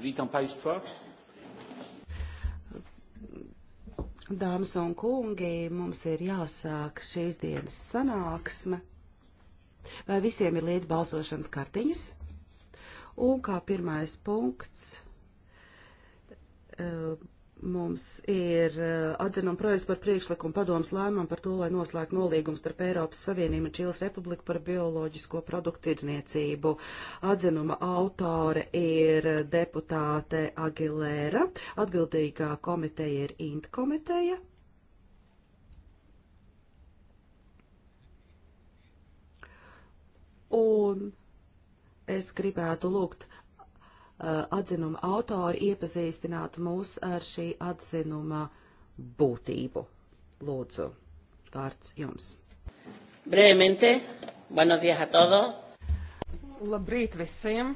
Witam Państwa. Dāmas un kungi, mums ir jāsāk šīs dienas sanāksme. Vai visiem ir līdz balsošanas kartiņas? Un kā pirmais punkts. Uh, Mums ir eh, atzinuma projekts par priekšlikumu padomus lēmumu par to, lai noslēgtu nolīgumu starp Eiropas Savienību un Čīles Republiku par bioloģisko produktu tirdzniecību. Atzinuma autore ir deputāte Agilēra, atbildīgā komiteja ir Int komiteja. Un es gribētu lūgt Eh, atzinuma autori iepazīstinātu mūs ar šī atzinuma būtību. Lūdzu, vārds jums. Brevemente, buenos días a todos. Labrīt visiem!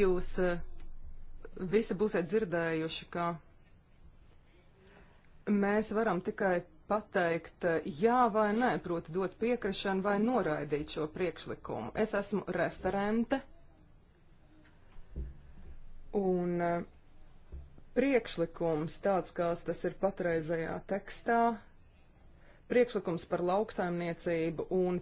Jūs eh, visi būsiet dzirdējuši, ka mēs varam tikai pateikt eh, jā vai nē, proti dot piekrišanu vai noraidīt šo priekšlikumu. Es esmu referente un eh, priekšlikums tāds, kāds tas ir patreizajā tekstā, priekšlikums par lauksaimniecību un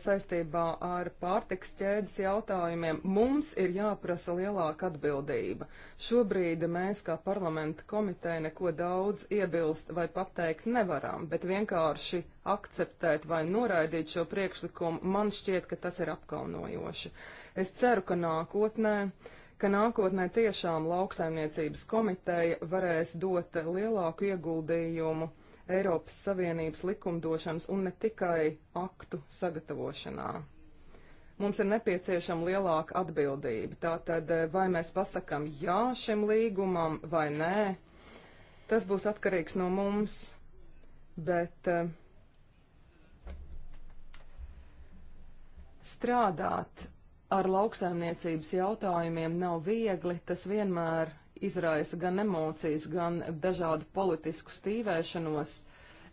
saistībā ar pārtiks ķēdes jautājumiem mums ir jāprasa lielāka atbildība. Šobrīd mēs kā parlamenta komiteja neko daudz iebilst vai pateikt nevaram, bet vienkārši akceptēt vai noraidīt šo priekšlikumu man šķiet, ka tas ir apkaunojoši. Es ceru, ka nākotnē ka nākotnē tiešām lauksaimniecības komiteja varēs dot lielāku ieguldījumu Eiropas Savienības likumdošanas un ne tikai aktu sagatavošanā. Mums ir nepieciešama lielāka atbildība. Tātad, eh, vai mēs pasakam jā šim līgumam vai nē, tas būs atkarīgs no mums, bet eh, strādāt ar lauksaimniecības jautājumiem nav viegli, tas vienmēr izraisa gan emocijas, gan dažādu politisku stīvēšanos.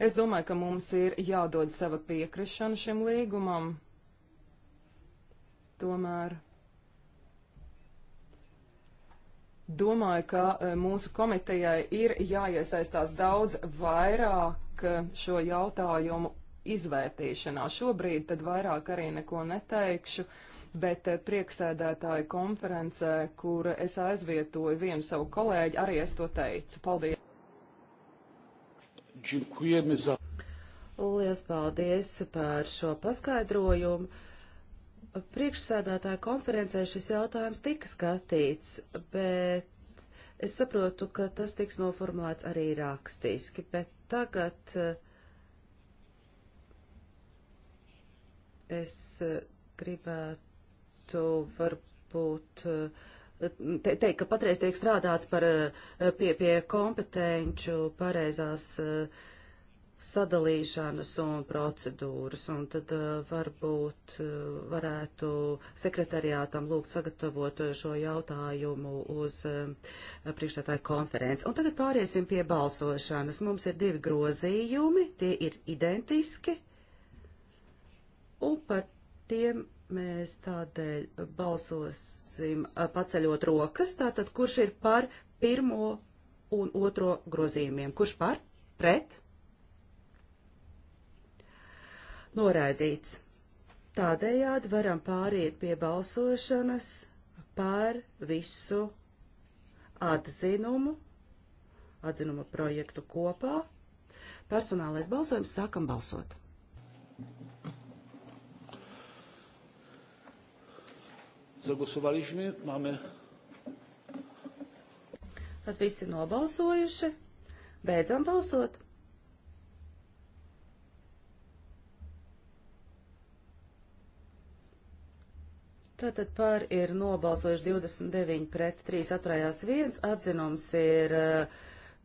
Es domāju, ka mums ir jādod sava piekrišana šim līgumam. Tomēr domāju, ka e, mūsu komitejai ir jāiesaistās daudz vairāk e, šo jautājumu izvērtīšanā. Šobrīd tad vairāk arī neko neteikšu, bet e, prieksēdētāju konferencē, kur es aizvietoju vienu savu kolēģi, arī es to teicu. Paldies! Lielas paldies par šo paskaidrojumu. Priekšsēdētāja konferencē šis jautājums tika skatīts, bet es saprotu, ka tas tiks noformulēts arī rakstiski, bet tagad eh, es eh, gribētu varbūt uh, te, teikt, ka patreiz tiek strādāts par, eh, pie, pie kompetenču pareizās eh, sadalīšanas un procedūras, un tad eh, varbūt varētu sekretariātam lūgt sagatavot šo jautājumu uz priekšstādāju konferenci. Un tagad pāriesim pie balsošanas. Mums ir divi grozījumi, tie ir identiski, un par tiem Mēs tādēļ balsosim paceļot rokas, tātad kurš ir par pirmo un otro grozījumiem. Kurš par? Pret? Noraidīts. Tādējādi varam pāriet pie balsošanas par visu atzinumu, atzinuma projektu kopā. Personālais balsojums sākam balsot. Zagusovaliśmy, mamy. Tad visi nobalsojuši. Beidzam balsot. Tātad par ir nobalsojuši 29 pret 3 atturējās 1. Atzinums ir eh,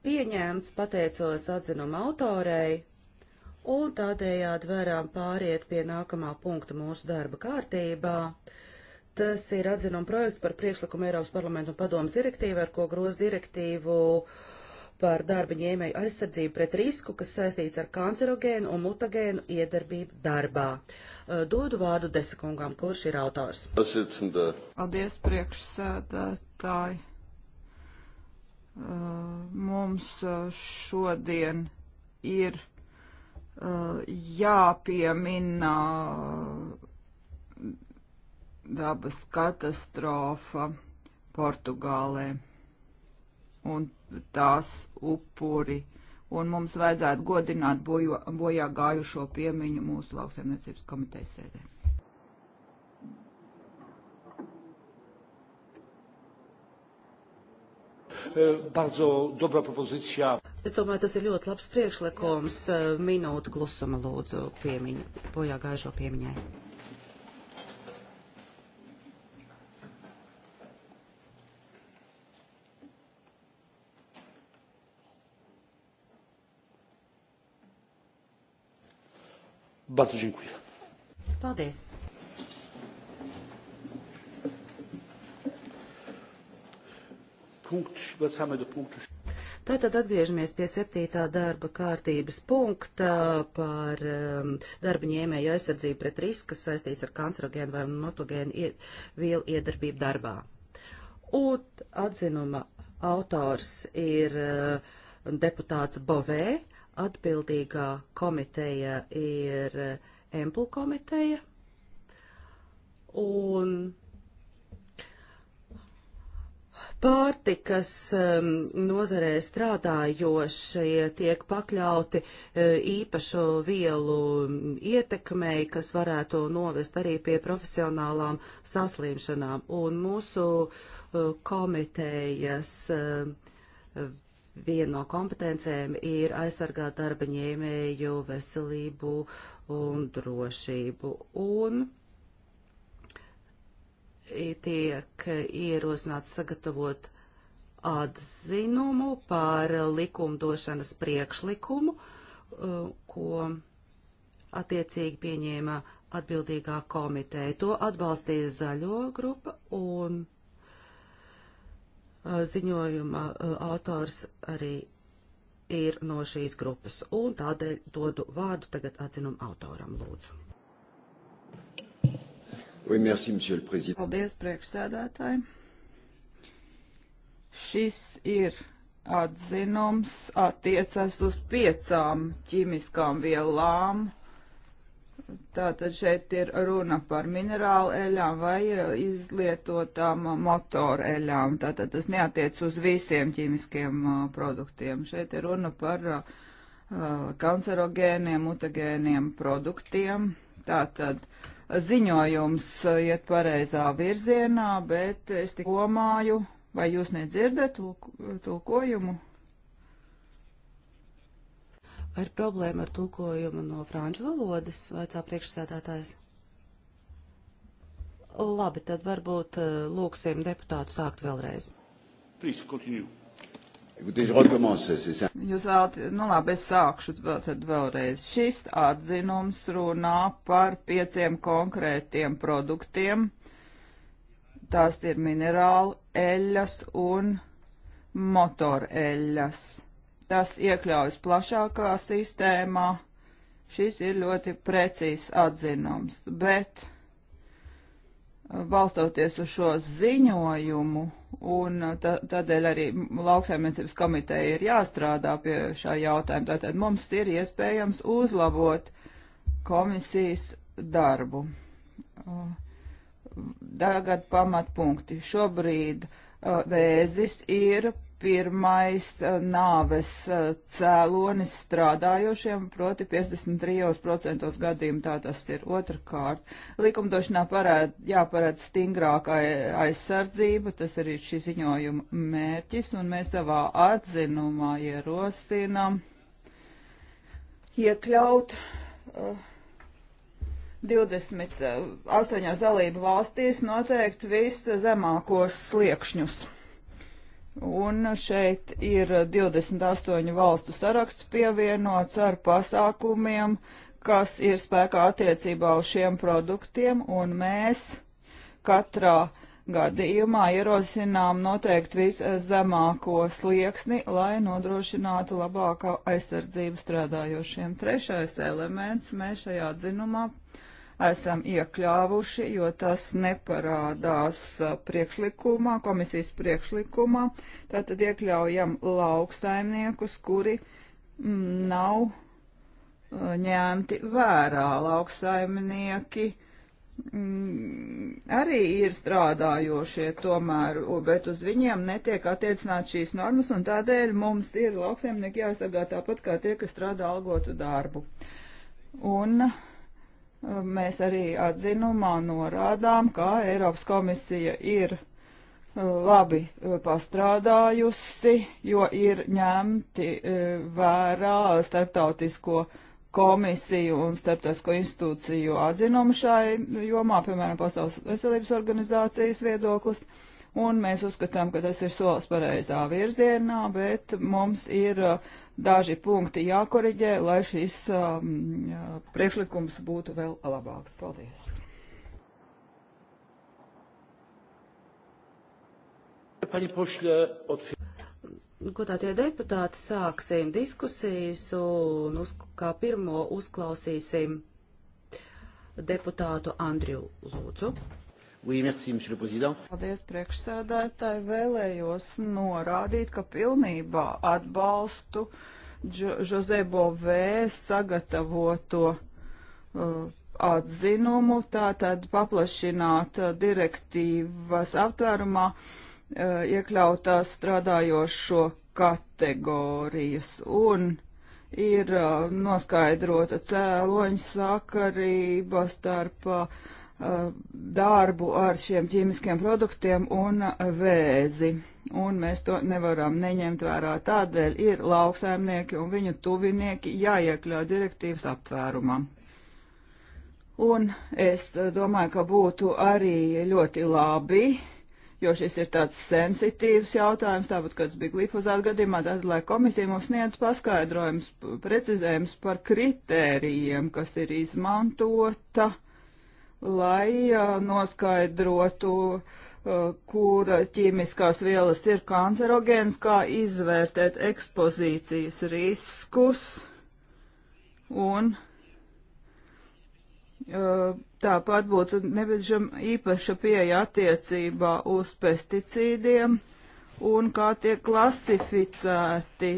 pieņēmts, pateicos atzinuma autorei. Un tādējādi varam pāriet pie nākamā punkta mūsu darba kārtībā. Tas ir atzinuma projekts par priekšlikumu Eiropas parlamentu un padomas direktīvu, ar ko groz direktīvu par darba ņēmēju aizsardzību pret risku, kas saistīts ar kancerogēnu un mutagēnu iedarbību darbā. Uh, dodu vārdu desekungām, kurš ir autors. Paldies, priekšsēdētāji. Uh, mums uh, šodien ir jāpiemina dabas katastrofa Portugālē un tās upuri. Un mums vajadzētu godināt bojo, bojā gājušo piemiņu mūsu lauksaimniecības komitejas sēdē. E, bardzo dobra propozycja. Es domāju, tas ir ļoti labs priekšlikums. E, minūte klusuma lūdzu piemiņu, bojā gājušo piemiņai. Bardzo dziękuję. Paldies. Punkt, vecame do punktu. Tātad atgriežamies pie septītā darba kārtības punkta par um, darba ņēmēju aizsardzību pret risku, kas saistīts ar kancerogēnu vai mutagēnu ied, vielu iedarbību darbā. Un atzinuma autors ir uh, deputāts Bovē atbildīgā komiteja ir Emplu komiteja, un pārtikas um, nozarē strādājošie tiek pakļauti uh, īpašu vielu ietekmei, kas varētu novest arī pie profesionālām saslimšanām. Un mūsu uh, komitejas uh, Viena no kompetencēm ir aizsargāt darba ņēmēju veselību un drošību. Un tiek ierosināts sagatavot atzinumu par likumdošanas priekšlikumu, uh, ko attiecīgi pieņēma atbildīgā komiteja. To atbalstīja zaļo grupa un ziņojuma autors arī ir no šīs grupas, un tādēļ dodu vārdu tagad atzinumu autoram, lūdzu. Oui, merci, monsieur le président. Paldies, priekšsēdētāji. Šis ir atzinums attiecas uz piecām ķimiskām vielām Tātad šeit ir runa par minerālu eļām vai e, izlietotām e, motoru eļām. Tātad tas neatiec uz visiem ķīmiskiem e, produktiem. Šeit ir runa par uh, kancerogēniem, mutagēniem produktiem. Tātad ziņojums iet pareizā virzienā, bet es tik domāju, vai jūs nedzirdat tulkojumu? Tūk, Vai ir problēma ar tulkojumu no franču valodas, vaicā priekšsēdētājs? Labi, tad varbūt eh, lūksim deputātu sākt vēlreiz. Please, continue. Jūs vēlat, nu labi, es sākšu vēl, tad vēlreiz. Šis atzinums runā par pieciem konkrētiem produktiem. Tās ir minerāli eļas un motoreļas tas iekļaujas plašākā sistēmā. Šis ir ļoti precīzs atzinums, bet uh, balstoties uz šo ziņojumu, un uh, tādēļ arī lauksaimniecības komiteja ir jāstrādā pie šā jautājuma, tātad mums ir iespējams uzlabot komisijas darbu. Uh, tagad pamatpunkti. Šobrīd uh, vēzis ir pirmais eh, nāves eh, cēlonis strādājošiem, proti 53% gadījumu tā tas ir otrkārt. Likumdošanā parād, jāparād stingrākā aizsardzība, tas arī šī ziņojuma mērķis, un mēs savā atzinumā ierosinām iekļaut. Uh, eh, 28 dalību valstīs noteikti viszemākos sliekšņus. Un šeit ir 28 valstu saraksts pievienots ar pasākumiem, kas ir spēkā attiecībā uz šiem produktiem, un mēs katrā gadījumā ierosinām noteikti viszemāko slieksni, lai nodrošinātu labāko aizsardzību strādājošiem. Trešais elements mēs šajā dzinumā esam iekļāvuši, jo tas neparādās uh, priekšlikumā, komisijas priekšlikumā. Tātad iekļaujam lauksaimniekus, kuri mm, nav uh, ņemti vērā. Lauksaimnieki mm, arī ir strādājošie tomēr, bet uz viņiem netiek attiecināt šīs normas, un tādēļ mums ir lauksaimnieki jāsargā tāpat kā tie, kas strādā algotu darbu. Un uh, mēs arī atzinumā norādām, ka Eiropas komisija ir uh, labi uh, pastrādājusi, jo ir ņemti uh, vērā starptautisko komisiju un starptautisko institūciju atzinumu šai jomā, piemēram, Pasaules veselības organizācijas viedoklis. Un mēs uzskatām, ka tas ir solis pareizā virzienā, bet mums ir uh, daži punkti jākoriģē, lai šis um, priekšlikums būtu vēl labāks. Paldies! Godātie deputāti, sāksim diskusijas un uz, kā pirmo uzklausīsim deputātu Andriju Lūdzu. Oui, merci, monsieur le président. Paldies, priekšsēdētāji. Vēlējos norādīt, ka pilnībā atbalstu jo Jose Bovē sagatavoto uh, atzinumu, tātad paplašināt uh, direktīvas aptvērumā uh, iekļautās strādājošo kategorijas un ir uh, noskaidrota cēloņa sakarība starp uh, Uh, darbu ar šiem ķīmiskiem produktiem un vēzi. Un mēs to nevaram neņemt vērā. Tādēļ ir lauksaimnieki un viņu tuvinieki jāiekļaut direktīvas aptvērumā. Un es uh, domāju, ka būtu arī ļoti labi, jo šis ir tāds sensitīvs jautājums, tāpat kāds bija glifozāta gadījumā, tad, lai komisija mums sniedz paskaidrojums, precizējums par kritērijiem, kas ir izmantota lai noskaidrotu, kura ķīmiskās vielas ir kancerogēnas, kā izvērtēt ekspozīcijas riskus un tāpat būtu nebežama īpaša pieeja attiecībā uz pesticīdiem un kā tiek klasificēti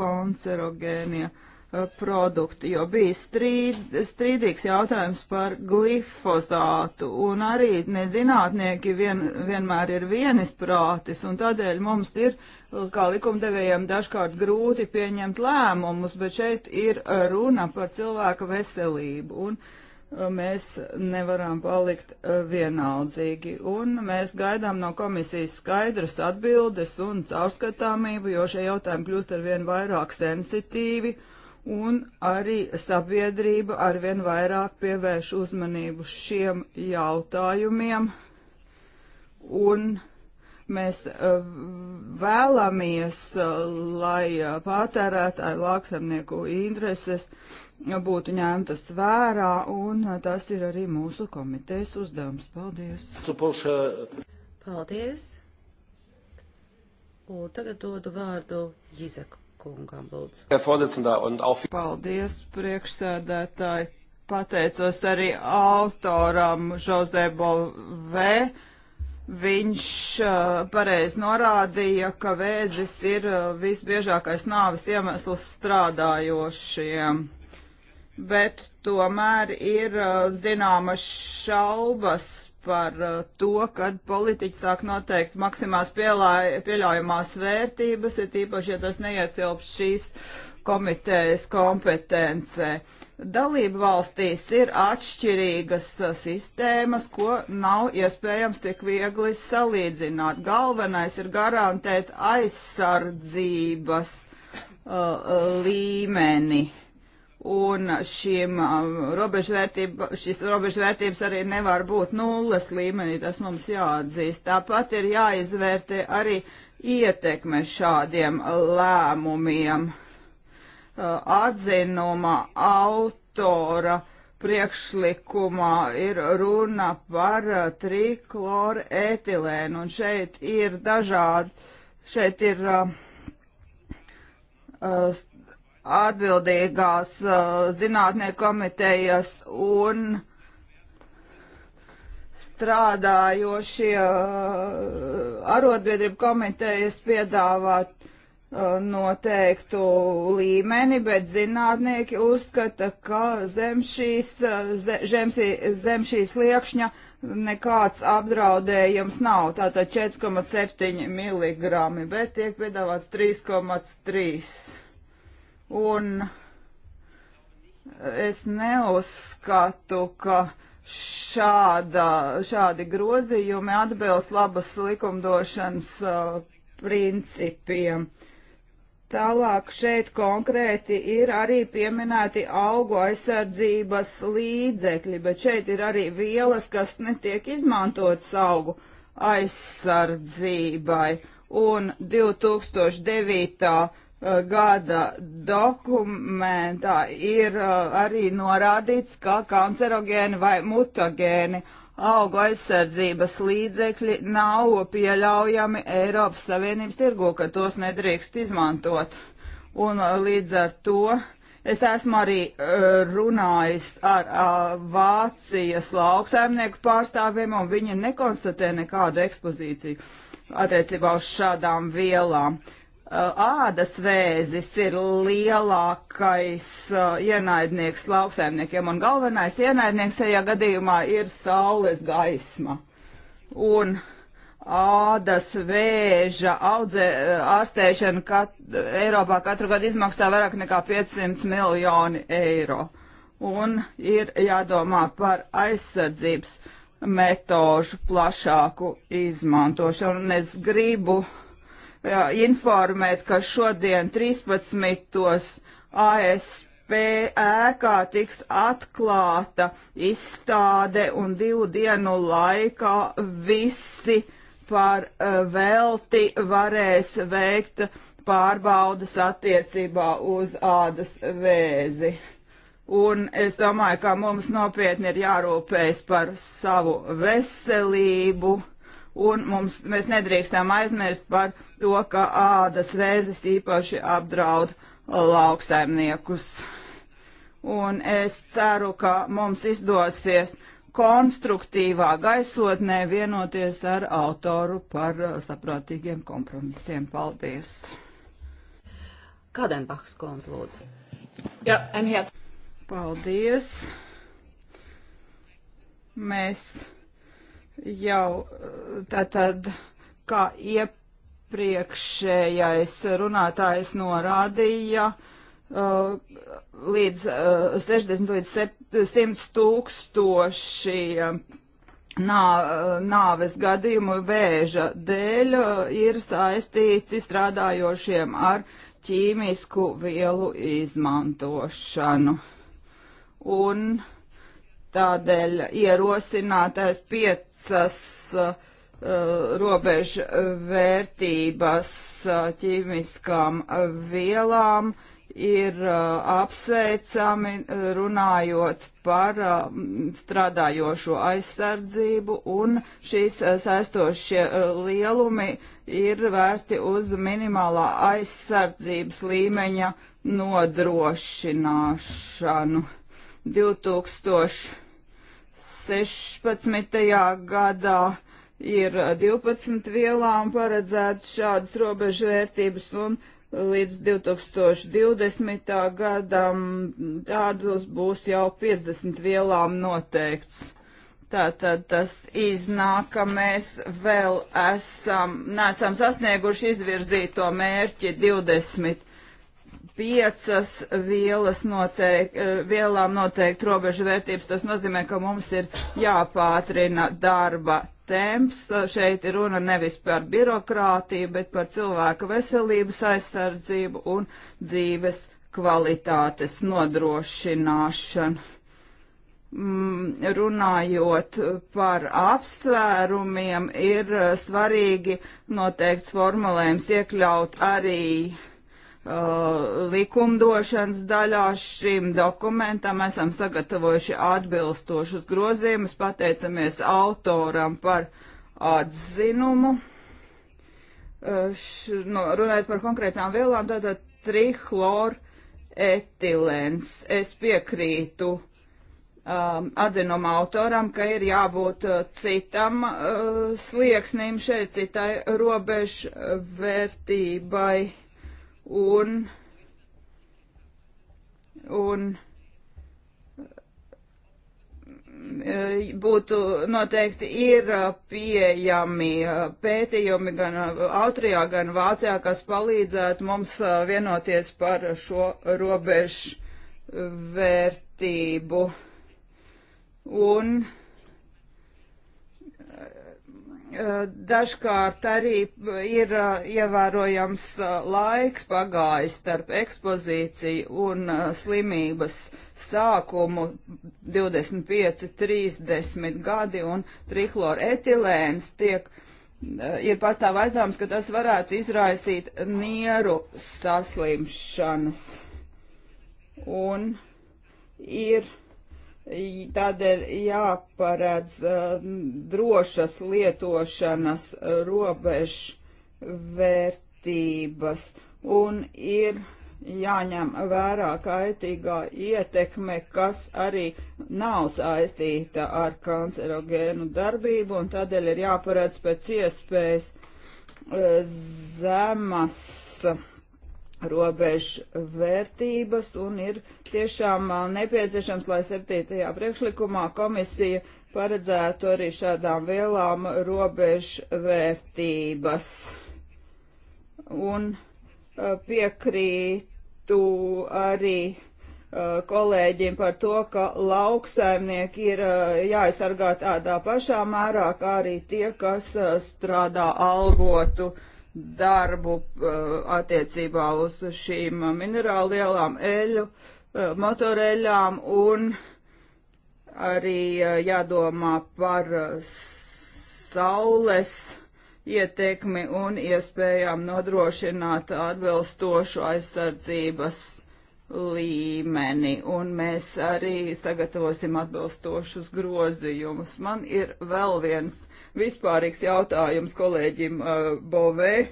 kancerogēnie. Uh, Uh, produkti, jo bija strīd, strīdīgs jautājums par glifozātu, un arī nezinātnieki vien, vienmēr ir vienisprātis, un tādēļ mums ir, uh, kā likumdevējiem, dažkārt grūti pieņemt lēmumus, bet šeit ir uh, runa par cilvēka veselību, un mēs nevaram palikt vienaldzīgi, un mēs gaidām no komisijas skaidras atbildes un caurskatāmību, jo šie jautājumi kļūst ar vien vairāk sensitīvi, un arī sabiedrība arvien vairāk pievērš uzmanību šiem jautājumiem, un mēs eh, vēlamies, eh, lai eh, patērētāju lauksamnieku intereses būtu ņemtas vērā, un tas ir arī mūsu komitejas uzdevums. Paldies! Paldies! Un tagad dodu vārdu Jizeku kungam, lūdzu. Paldies, priekšsēdētāji. Pateicos arī autoram Žozebo V. Viņš uh, pareizi norādīja, ka vēzis ir uh, visbiežākais nāvis iemesls strādājošiem bet tomēr ir uh, zināmas šaubas par uh, to, kad politiķi sāk noteikt maksimās pieļaujamās vērtības, ir tīpaši, ja tas neietilps šīs komitejas kompetencē. Dalību valstīs ir atšķirīgas uh, sistēmas, ko nav iespējams tik viegli salīdzināt. Galvenais ir garantēt aizsardzības uh, uh līmeni. Uh, un šīm uh, šīs robežvērtības arī nevar būt nulles līmenī, tas mums jāatzīst. Tāpat ir jāizvērtē arī ietekme šādiem lēmumiem. Uh, atzinuma autora priekšlikumā ir runa par uh, trikloru etilēnu, un šeit ir dažādi, šeit ir uh, atbildīgās uh, zinātnieku komitejas un strādājošie uh, arotbiedrību komitejas piedāvāt uh, noteiktu līmeni, bet zinātnieki uzskata, ka zem šīs, zem, zem šīs liekšņa nekāds apdraudējums nav. Tātad 4,7 mg, bet tiek piedāvāts 3,3 mg un es neuzskatu, ka šāda, šādi grozījumi atbilst labas likumdošanas uh, principiem. Tālāk šeit konkrēti ir arī pieminēti augu aizsardzības līdzekļi, bet šeit ir arī vielas, kas netiek izmantotas augu aizsardzībai. Un 2009 Eh, gada dokumentā ir eh, arī norādīts, ka kancerogēni vai mutagēni augu aizsardzības līdzekļi nav pieļaujami Eiropas Savienības tirgu, ka tos nedrīkst izmantot. Un eh, līdz ar to es esmu arī runājis ar a, Vācijas lauksaimnieku pārstāvjiem, un viņi nekonstatē nekādu ekspozīciju attiecībā uz šādām vielām. Uh, Eh, ādas vēzis ir lielākais uh, ienaidnieks lauksaimniekiem, un galvenais ienaidnieks tajā gadījumā ir saules gaisma. Un ādas vēža audzē, eh, ārstēšana kat, Eiropā katru gadu izmaksā vairāk nekā 500 miljoni eiro. Un ir jādomā par aizsardzības metožu plašāku izmantošanu. Un es gribu uh, jā, informēt, ka šodien 13. ASP ēkā tiks atklāta izstāde un divu dienu laikā visi par eh, velti varēs veikt pārbaudas attiecībā uz ādas vēzi. Un es domāju, ka mums nopietni ir jārūpējas par savu veselību un mums, mēs nedrīkstam aizmirst par to, ka ādas vēzis īpaši apdraud lauksaimniekus. Un es ceru, ka mums izdosies konstruktīvā gaisotnē vienoties ar autoru par saprātīgiem kompromisiem. Paldies! Kādenbachs kundze lūdzu. Jā, Enhēts. Paldies! Mēs jau tātad, kā iepriekšējais runātājs norādīja, uh, līdz 60 uh, līdz 100 tūkstoši uh, nā, nāves gadījumu vēža dēļ ir saistīti strādājošiem ar ķīmisku vielu izmantošanu. Un uh, Tādēļ ierosinātais piecas uh, robežu vērtības uh, ķīmiskām vielām ir uh, apsveicami uh, runājot par strādājošo aizsardzību un šīs saistošie lielumi ir vērsti uz minimālā aizsardzības līmeņa nodrošināšanu. 2000 16. gadā ir 12 vielām paredzēts šādas robežvērtības un līdz 2020. gadam tādus būs jau 50 vielām noteikts. Tātad tas iznāk, ka mēs vēl esam, nesam sasnieguši izvirzīto mērķi 20 piecas vielas noteik, eh, vielām noteikti robežu vērtības. Tas nozīmē, ka mums ir jāpātrina darba temps. Šeit ir runa nevis par birokrātiju, bet par cilvēka veselības aizsardzību un dzīves kvalitātes nodrošināšanu. Mm, runājot par apsvērumiem, ir eh, svarīgi noteikts formulējums iekļaut arī uh, Uh, likumdošanas daļā šim dokumentam esam sagatavojuši atbilstošus grozījumus, pateicamies autoram par atzinumu. Uh, š, nu, runājot par konkrētām vielām, tātad trihloretilens. Es piekrītu um, atzinuma autoram, ka ir jābūt uh, citam uh, slieksnim šeit, citai robežvērtībai un, un eh, būtu noteikti ir eh, pieejami eh, pētījumi gan Austrijā, gan Vācijā, kas palīdzētu mums vienoties par šo robežu vērtību. Un uh, Dažkārt arī ir uh, ievērojams uh, laiks pagājis starp ekspozīciju un uh, slimības sākumu 25-30 gadi un trihloretilēns tiek ir pastāv aizdoms, ka tas varētu izraisīt nieru saslimšanas. Un ir Tādēļ jāparedz uh, drošas lietošanas robežu vērtības un ir jāņem vērā kaitīgā ietekme, kas arī nav saistīta ar kancerogēnu darbību, un tādēļ ir jāparedz pēc iespējas uh, zemas robežu vērtības un ir tiešām uh, nepieciešams, lai 7. priekšlikumā komisija paredzētu arī šādām vielām robežu vērtības. Un uh, piekrītu arī uh, kolēģim par to, ka lauksaimnieki ir jāaizsargā tādā pašā mērā, kā arī tie, kas strādā algotu uh, darbu uh, attiecībā uz šīm minerālielām eļu, uh, motoreļām un arī uh, jādomā par saules ietekmi un iespējām nodrošināt atbilstošu aizsardzības līmeni, un mēs arī sagatavosim atbilstošus grozījumus. Man ir vēl viens vispārīgs jautājums kolēģim uh, Bovē.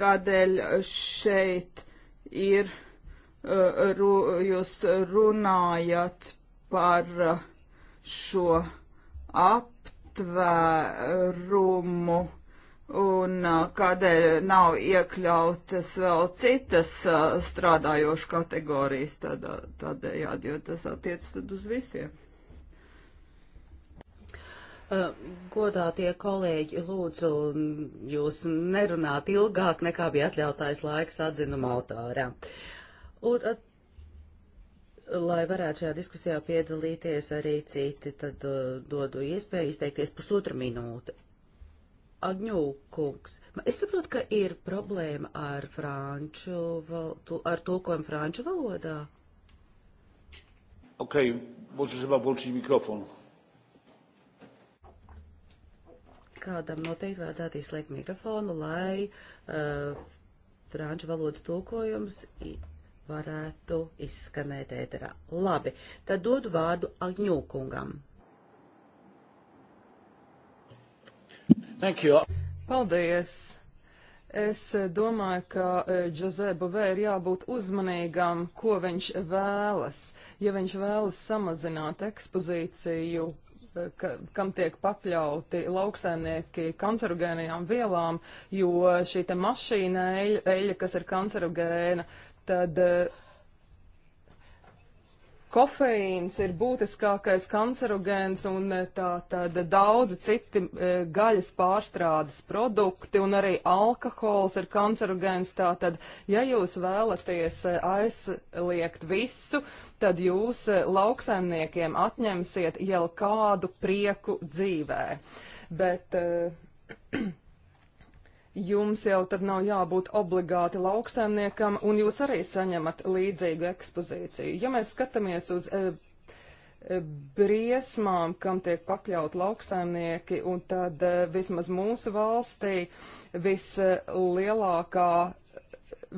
Kādēļ šeit ir, uh, ru, jūs runājat par uh, šo aptvērumu? un kādēļ nav iekļautas vēl citas strādājošu kategorijas tādā, tādējādi, jo tas attiecas tad uz visiem. Godātie kolēģi, lūdzu, jūs nerunāt ilgāk nekā bija atļautais laiks atzinuma autorā. Un, at, lai varētu šajā diskusijā piedalīties arī citi, tad dodu iespēju izteikties pusotra minūte. Agņū kungs, es saprotu, ka ir problēma ar franču, val, tu, ar tulkojumu franču valodā. Ok, būtu žēl apvolčīt mikrofonu. Kādam noteikti vajadzētu izslēgt mikrofonu, lai uh, franču valodas tulkojums varētu izskanēt ēterā. Labi, tad dodu vārdu Agņū kungam. Thank you. Paldies! Es eh, domāju, ka Džozē eh, Bavē ir jābūt uzmanīgam, ko viņš vēlas. Ja viņš vēlas samazināt ekspozīciju, eh, ka, kam tiek papļauti lauksaimnieki kancerogēnajām vielām, jo šī te mašīna eļa, eļa kas ir kancerogēna, tad uh, Kofeīns ir būtiskākais kancerogēns un eh, tā tad daudzi citi e, gaļas pārstrādes produkti un arī alkohols ir kancerogēns. Tā tad, ja jūs vēlaties eh, aizliegt visu, tad jūs lauksaimniekiem atņemsiet jau kādu prieku dzīvē. Bet, e, jums jau tad nav jābūt obligāti lauksaimniekam, un jūs arī saņemat līdzīgu ekspozīciju. Ja mēs skatāmies uz e, e, briesmām, kam tiek pakļaut lauksaimnieki, un tad e, vismaz mūsu valstī vislielākā,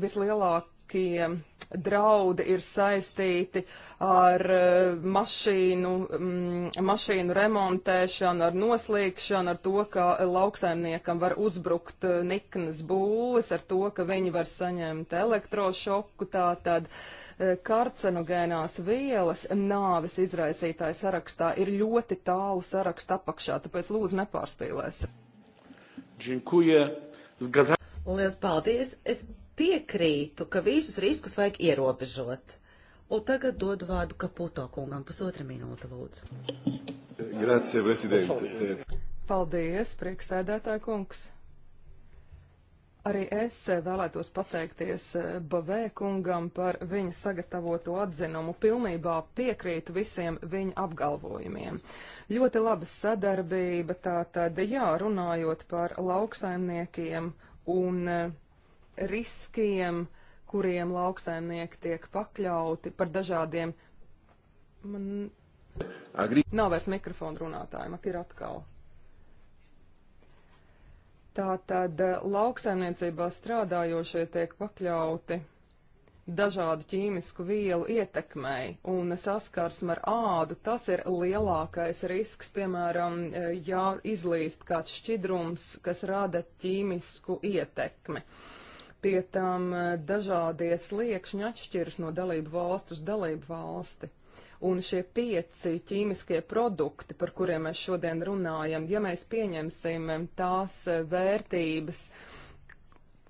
vislielāk, lielākie draudi ir saistīti ar eh, mašīnu, mm, mašīnu remontēšanu, ar noslīkšanu, ar to, ka lauksaimniekam var uzbrukt eh, niknas būles, ar to, ka viņi var saņemt elektrošoku, tātad eh, karcenogēnās vielas nāves izraisītāja sarakstā ir ļoti tālu saraksta apakšā, tāpēc lūdzu nepārspīlēs. Dziękuję. Zgadzam. Lielas paldies! Es piekrītu, ka visus riskus vajag ierobežot. Un tagad dodu vārdu Kaputo kungam. Pusotra minūte, lūdzu. Grazie, prezidente. Paldies, prieksēdētāja kungs. Arī es vēlētos pateikties eh, Bavē kungam par viņa sagatavoto atzinumu. Pilnībā piekrītu visiem viņa apgalvojumiem. Ļoti laba sadarbība, tātad, jā, runājot par lauksaimniekiem un uh, riskiem, kuriem lauksaimnieki tiek pakļauti, par dažādiem. Man Agri... nav vairs mikrofona runātājiem, ak ir atkal. Tātad eh, lauksaimniecībā strādājošie tiek pakļauti dažādu ķīmisku vielu ietekmei un saskarsme ar ādu, tas ir lielākais risks, piemēram, eh, ja izlīst kāds šķidrums, kas rada ķīmisku ietekmi. Uh, Pie tam eh, dažādie sliekšņi atšķiras no dalību valstu uz dalību valsti. Un šie pieci ķīmiskie produkti, par kuriem mēs šodien runājam, ja mēs pieņemsim eh, tās eh, vērtības,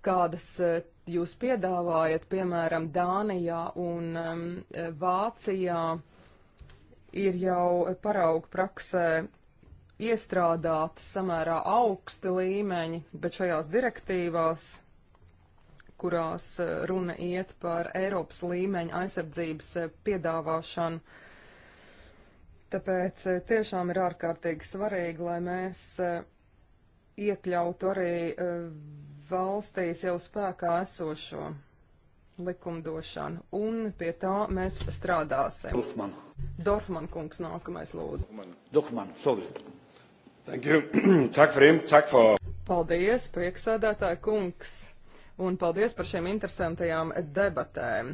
kādas jūs piedāvājat, piemēram, Dānijā un um, Vācijā, ir jau paraugu praksē iestrādāti samērā augsti līmeņi, bet šajās direktīvās kurās e, runa iet par Eiropas līmeņa aizsardzības e, piedāvāšanu. Tāpēc e, tiešām ir ārkārtīgi svarīgi, lai mēs iekļautu arī valstīs jau spēkā esošo likumdošanu, un pie tā mēs strādāsim. Dorfman. Dorfman kungs nākamais lūdzu. Dorfman, sorry. Thank you. tak for him, tak for. Paldies, prieksēdētāji kungs un paldies par šīm interesantajām debatēm.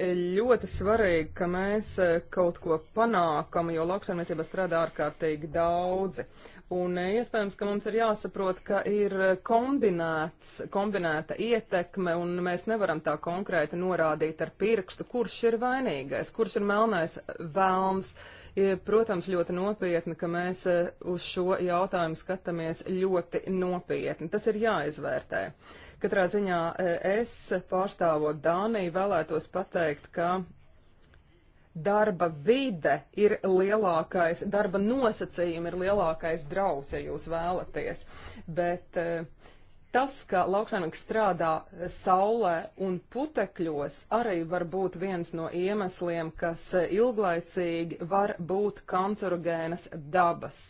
Ļoti svarīgi, ka mēs e, kaut ko panākam, jo lauksaimniecībā strādā ārkārtīgi daudzi. Un e, iespējams, ka mums ir jāsaprot, ka ir e, kombinēts, kombinēta ietekme, un mēs nevaram tā konkrēti norādīt ar pirkstu, kurš ir vainīgais, kurš ir melnais vēlms. Uh, Ir, protams, ļoti nopietni, ka mēs eh, uz šo jautājumu skatāmies ļoti nopietni. Tas ir jāizvērtē. Katrā ziņā eh, es, pārstāvot Dāniju, vēlētos pateikt, ka darba vide ir lielākais, darba nosacījumi ir lielākais draus, ja jūs vēlaties. Bet, uh, Tas, ka lauksaimnieks strādā saulē un putekļos, arī var būt viens no iemesliem, kas ilglaicīgi var būt kancerogēnas dabas.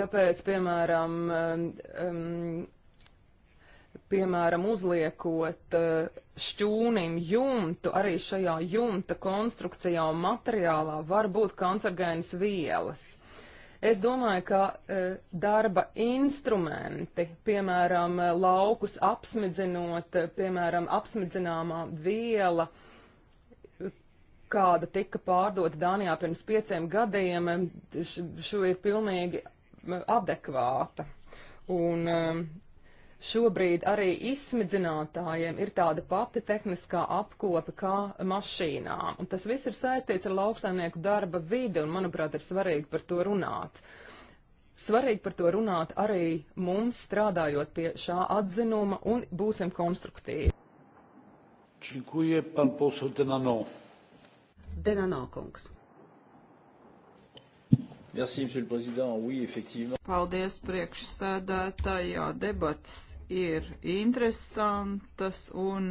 Tāpēc, piemēram, um, um piemēram, uzliekot uh, šķūnim jumtu, arī šajā jumta konstrukcijā un materiālā var būt kancerogēnas vielas. Es domāju, ka e, darba instrumenti, piemēram, laukus apsmidzinot, piemēram, apsmidzināmā viela, kāda tika pārdota Dānijā pirms pieciem gadiem, šo ir pilnīgi eh, adekvāta. Un, e, Šobrīd arī izsmidzinātājiem ir tāda pati tehniskā apkope kā mašīnām. Un tas viss ir saistīts ar lauksaimnieku darba vidi, un, manuprāt, ir svarīgi par to runāt. Svarīgi par to runāt arī mums, strādājot pie šā atzinuma, un būsim konstruktīvi. Činkuja, pan posūtenano. Denano kungs. Merci, monsieur le président. Oui, effectivement. Paldies, priekšsēdētāji. Jā, debatas ir interesantas un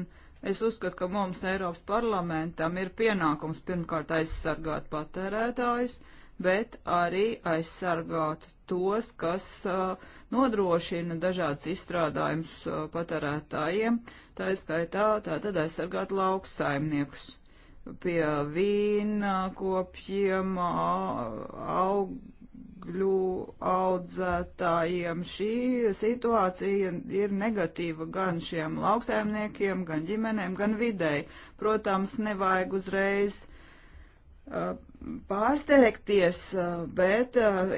es uzskatu, ka mums Eiropas parlamentam ir pienākums pirmkārt aizsargāt patērētājus, bet arī aizsargāt tos, kas uh, nodrošina dažādas izstrādājumus uh, patērētājiem, tā izskaitā tātad aizsargāt lauksaimniekus pie vīna kopjiem, augļu audzētājiem. Šī situācija ir negatīva gan šiem lauksaimniekiem, gan ģimenēm, gan videi. Protams, nevajag uzreiz pārsteigties, bet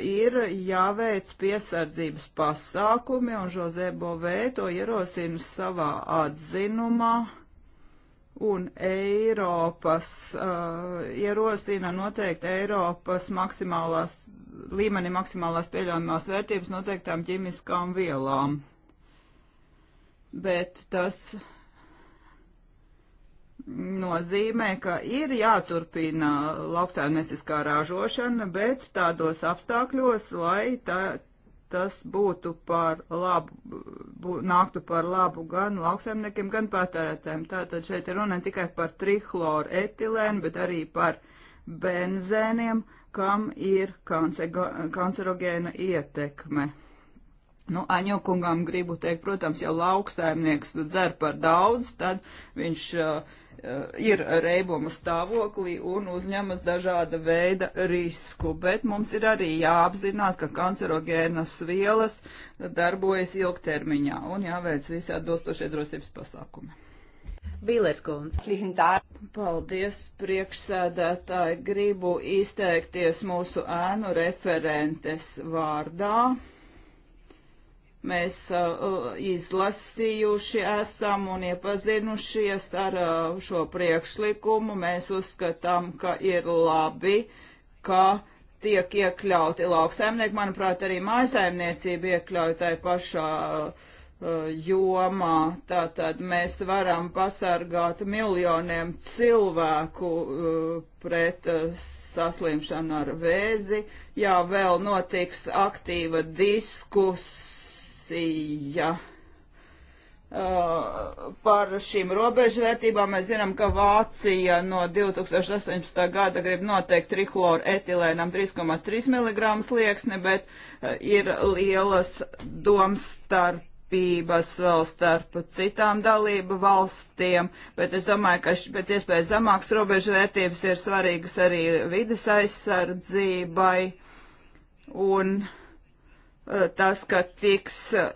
ir jāveic piesardzības pasākumi, un Žozē Bovē to ierosina savā atzinumā un Eiropas uh, ierosina noteikti Eiropas maksimālās, līmeni maksimālās pieļaujamās vērtības noteiktām ķimiskām vielām. Bet tas nozīmē, ka ir jāturpina lauksaimnieciskā ražošana, bet tādos apstākļos, lai tā, tas būtu par labu, bū, nāktu par labu gan lauksaimniekiem, gan patērētēm. Tātad šeit ir runa ne tikai par trihloru etilēnu, bet arī par benzēniem, kam ir kancerogēna ietekme. Nu, Aņokungam gribu teikt, protams, ja lauksaimnieks dzer par daudz, tad viņš uh, Eh, ir reibuma stāvoklī un uzņemas dažāda veida risku, bet mums ir arī jāapzinās, ka kancerogēnas vielas darbojas ilgtermiņā un jāveic visi atbilstošie drosības pasākumi. Bīlers kundze. Paldies, priekšsēdētāji. Gribu izteikties mūsu ēnu referentes vārdā mēs uh, izlasījuši esam un iepazinušies ar uh, šo priekšlikumu. Mēs uzskatām, ka ir labi, ka tiek iekļauti lauksaimnieki. Manuprāt, arī mājasaimniecība iekļautai pašā uh, jomā. Tātad mēs varam pasargāt miljoniem cilvēku uh, pret uh, saslimšanu ar vēzi. Jā, vēl notiks aktīva diskusija diskusija uh, par šīm robežvērtībām. Mēs zinām, ka Vācija no 2018. gada grib noteikt trihloru etilēnam 3,3 mg slieksni, bet uh, ir lielas domstarp starpības vēl starp citām dalību valstīm, bet es domāju, ka pēc iespējas zemāks robežu vērtības ir svarīgas arī vides aizsardzībai. Un Eh, tas, ka tiks eh,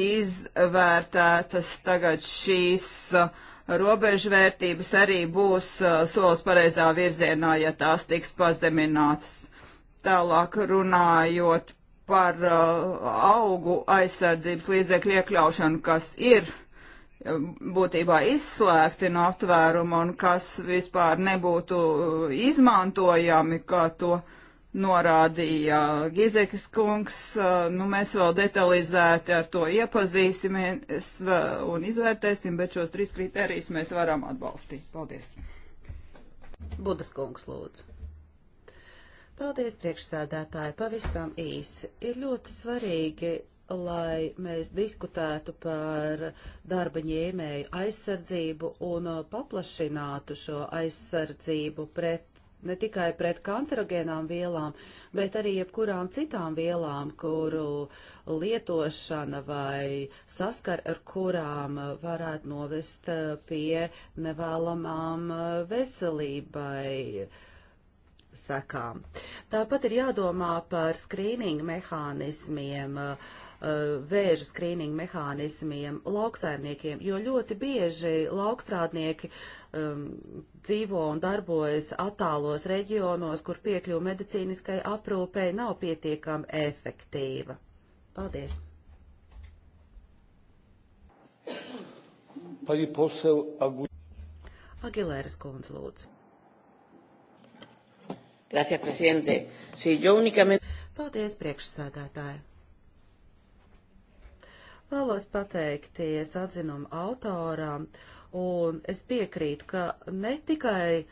izvērtētas tagad šīs eh, robežvērtības, arī būs solis pareizā virzienā, ja tās tiks pazeminātas. Tālāk runājot par augu aizsardzības līdzekļu iekļaušanu, kas ir būtībā izslēgti no aptvēruma un kas vispār nebūtu izmantojami, kā to uh, norādīja Gizekas kungs. Nu, mēs vēl detalizēti ar to iepazīsimies un izvērtēsim, bet šos trīs kriterijus mēs varam atbalstīt. Paldies! Budas kungs lūdzu. Paldies, priekšsēdētāji, pavisam īsi. Ir ļoti svarīgi, lai mēs diskutētu par darba ņēmēju aizsardzību un paplašinātu šo aizsardzību pret ne tikai pret kancerogēnām vielām, bet arī jebkurām citām vielām, kuru lietošana vai saskar ar kurām varētu novest eh, pie nevēlamām eh, veselībai sekām. Tāpat ir jādomā par skrīningu mehānismiem. Uh, Eh, vēža skrīninga mehānismiem lauksaimniekiem, jo ļoti bieži laukstrādnieki um, dzīvo un darbojas attālos reģionos, kur piekļuva medicīniskai aprūpei nav pietiekami efektīva. Paldies! Pani poseł Agu... Aguilera Skons, lūdzu. Gracias, presidente. Si yo únicamente... Paldies, priekšsēdētāji. Vēlos pateikties atzinuma autorām, un es piekrītu, ka ne tikai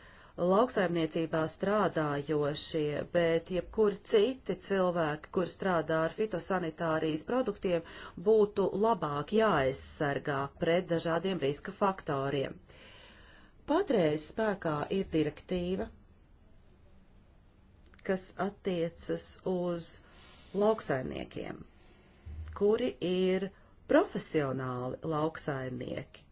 lauksaimniecībā strādājošie, bet jebkuri citi cilvēki, kur strādā ar fitosanitārijas produktiem, būtu labāk jāaizsargā pret dažādiem riska faktoriem. Patreiz spēkā ir direktīva, kas attiecas uz lauksaimniekiem, kuri ir profesionāli lauksaimnieki.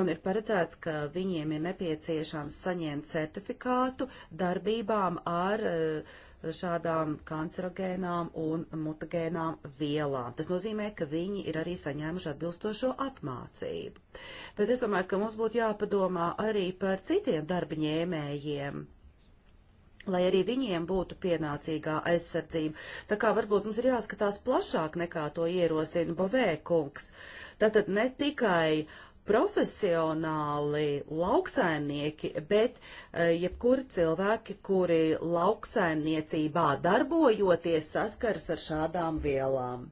Un ir paredzēts, ka viņiem ir nepieciešams saņemt certifikātu darbībām ar eh, šādām kancerogēnām un mutagēnām vielām. Tas nozīmē, ka viņi ir arī saņēmuši atbilstošo apmācību. Bet es domāju, ka mums būtu jāpadomā arī par citiem darba ņēmējiem lai arī viņiem būtu pienācīgā aizsardzība. Tā kā varbūt mums ir jāskatās plašāk nekā to ierosina Bovēkungs. Tātad ne tikai profesionāli lauksaimnieki, bet e, jebkuri cilvēki, kuri lauksaimniecībā darbojoties saskars ar šādām vielām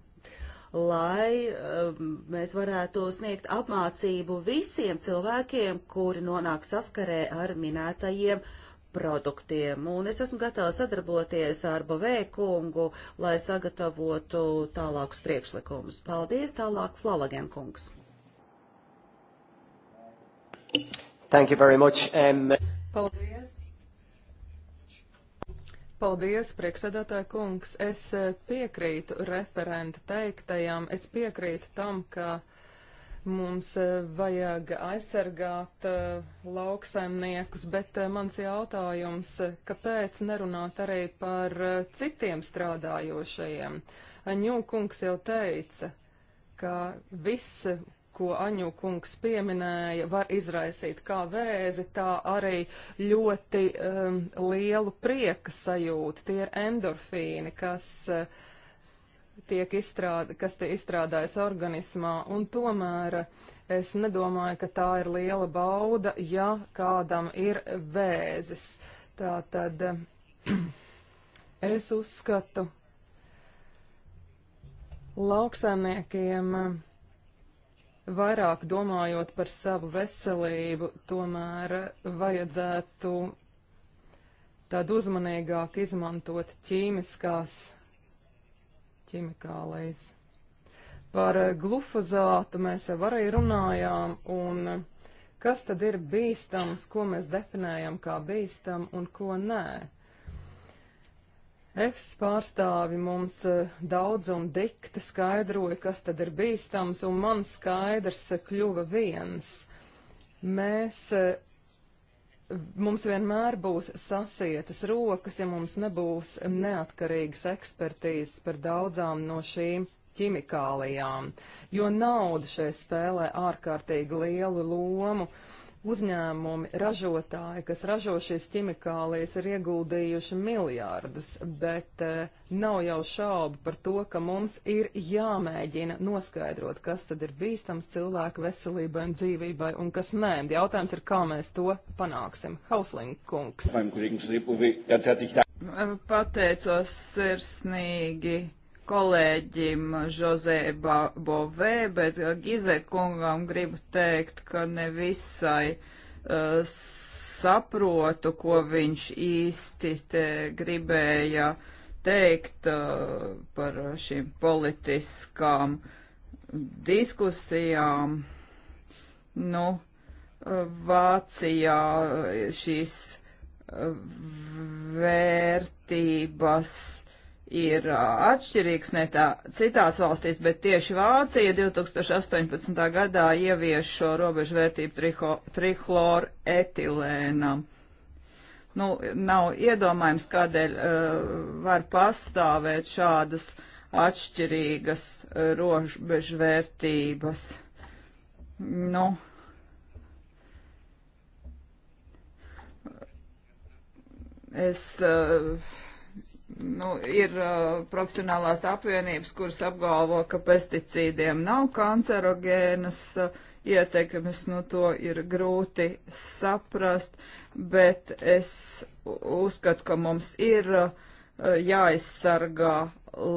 lai um, mēs varētu sniegt apmācību visiem cilvēkiem, kuri nonāk saskarē ar minētajiem uh, produktiem. Un es esmu gatava sadarboties ar Bovēkungu, lai sagatavotu tālākus priekšlikumus. Paldies, tālāk Flalagenkungs. Thank you very much. Um... Paldies. Paldies, priekšsēdētāja kungs. Es eh, piekrītu referenta teiktajam. Es piekrītu tam, ka Mums eh, vajag aizsargāt eh, lauksaimniekus, bet eh, mans jautājums, kāpēc nerunāt arī par citiem strādājošajiem? Aņūkungs jau teica, ka viss, ko Aņūkungs pieminēja, var izraisīt kā vēzi, tā arī ļoti um, lielu prieka sajūtu. Tie ir endorfīni, kas uh, tiek izstrād, kas te izstrādājas organismā, un tomēr es nedomāju, ka tā ir liela bauda, ja kādam ir vēzis. Tā tad es uzskatu lauksaimniekiem vairāk domājot par savu veselību, tomēr vajadzētu tad uzmanīgāk izmantot ķīmiskās ķimikālijas. Par glufozātu mēs jau arī runājām, un kas tad ir bīstams, ko mēs definējam kā bīstam un ko nē. EFS pārstāvi mums eh, daudz un dikti skaidroja, kas tad ir bīstams, un man skaidrs eh, kļuva viens. Mēs eh, mums vienmēr būs sasietas rokas, ja mums nebūs neatkarīgas ekspertīzes par daudzām no šīm ķimikālijām, jo nauda šeit spēlē ārkārtīgi lielu lomu. Uh, uzņēmumi, ražotāji, kas ražo šīs ķimikālijas, ir ieguldījuši miljārdus, bet eh, nav jau šaubu par to, ka mums ir jāmēģina noskaidrot, kas tad ir bīstams cilvēku veselībai un dzīvībai un kas nē. Jautājums ir, kā mēs to panāksim. Hausling kungs. Pateicos sirsnīgi kolēģim Žozē Bovē, bet Gizē kungam gribu teikt, ka ne visai uh, eh, saprotu, ko viņš īsti te gribēja teikt uh, par šīm politiskām diskusijām. Nu, Vācijā šīs eh, vērtības ir atšķirīgs ne tā citās valstīs, bet tieši Vācija 2018. gadā ievies šo robežu vērtību triho, trihloru etilēnam. Nu, nav iedomājums, kādēļ uh, var pastāvēt šādas atšķirīgas uh, robežu vērtības. Nu, es. Uh, nu, ir uh, profesionālās apvienības, kuras apgalvo, ka pesticīdiem nav kancerogēnas uh, ietekmes, nu to ir grūti saprast, bet es uzskatu, ka mums ir uh, jāaizsargā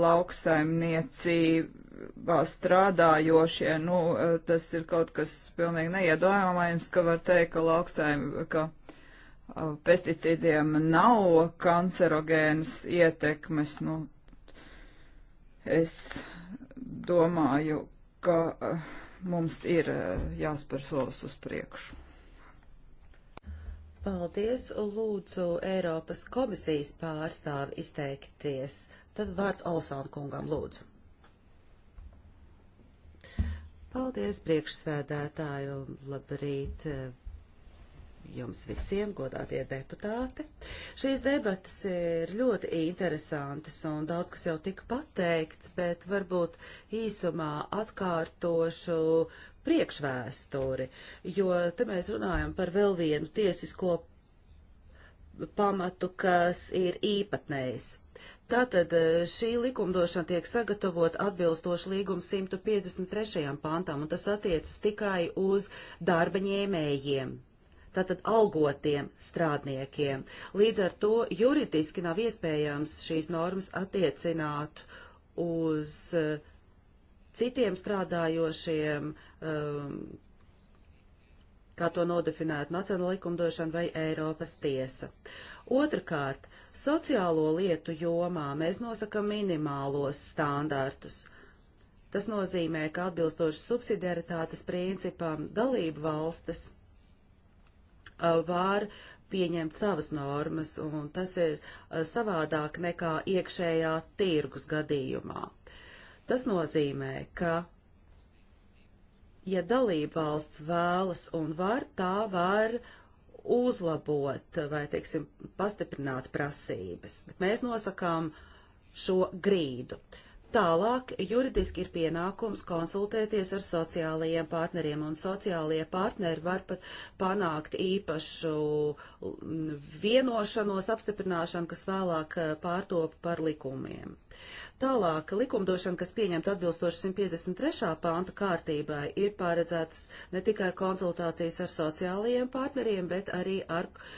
lauksaimniecībā strādājošie, nu, uh, tas ir kaut kas pilnīgi neiedomājams, ka var teikt, ka lauksaim, ka uh, pesticīdiem nav kancerogēnas ietekmes. Nu, es domāju, ka eh, mums ir eh, jāspēr solis uz priekšu. Paldies, lūdzu, Eiropas komisijas pārstāvi izteikties. Tad vārds Alsāna kungam, lūdzu. Paldies, priekšsēdētāju, labrīt, eh, jums visiem, godātie deputāti. Šīs debatas ir ļoti interesantas un daudz kas jau tika pateikts, bet varbūt īsumā atkārtošu priekšvēsturi, jo te mēs runājam par vēl vienu tiesisko pamatu, kas ir īpatnējs. Tātad e, šī likumdošana tiek sagatavot atbilstoši līguma 153. pantam, un tas attiecas tikai uz darba ņēmējiem tātad algotiem strādniekiem. Līdz ar to juridiski nav iespējams šīs normas attiecināt uz eh, citiem strādājošiem, um, kā to nodefinētu Nacionāla likumdošana vai Eiropas tiesa. Otrakārt, sociālo lietu jomā mēs nosakam minimālos standartus. Tas nozīmē, ka atbilstoši subsidiaritātes principam dalību valstis var pieņemt savas normas, un tas ir savādāk nekā iekšējā tirgus gadījumā. Tas nozīmē, ka, ja dalība valsts vēlas un var, tā var uzlabot vai, teiksim, pastiprināt prasības, bet mēs nosakām šo grīdu. Uh, Tālāk juridiski ir pienākums konsultēties ar sociālajiem partneriem, un sociālajie partneri var pat panākt īpašu vienošanos, apstiprināšanu, kas vēlāk eh, pārtop par likumiem. Tālāk likumdošana, kas pieņemta atbilstoši 153. panta kārtībai, ir paredzētas ne tikai konsultācijas ar sociālajiem partneriem, bet arī ar uh,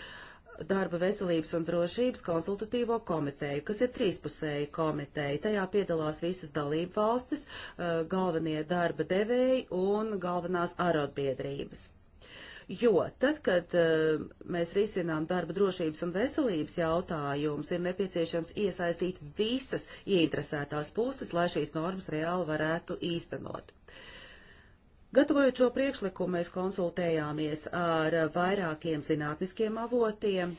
darba veselības un drošības konsultatīvo komiteju, kas ir trīspusēja komiteja. Tajā piedalās visas dalību valstis, uh, galvenie darba devēji un galvenās arotbiedrības. Jo tad, kad uh, mēs risinām darba drošības un veselības jautājumus, ir nepieciešams iesaistīt visas ieinteresētās puses, lai šīs normas reāli varētu īstenot. Uh, Gatavojot šo priekšlikumu, mēs konsultējāmies ar vairākiem zinātniskiem avotiem,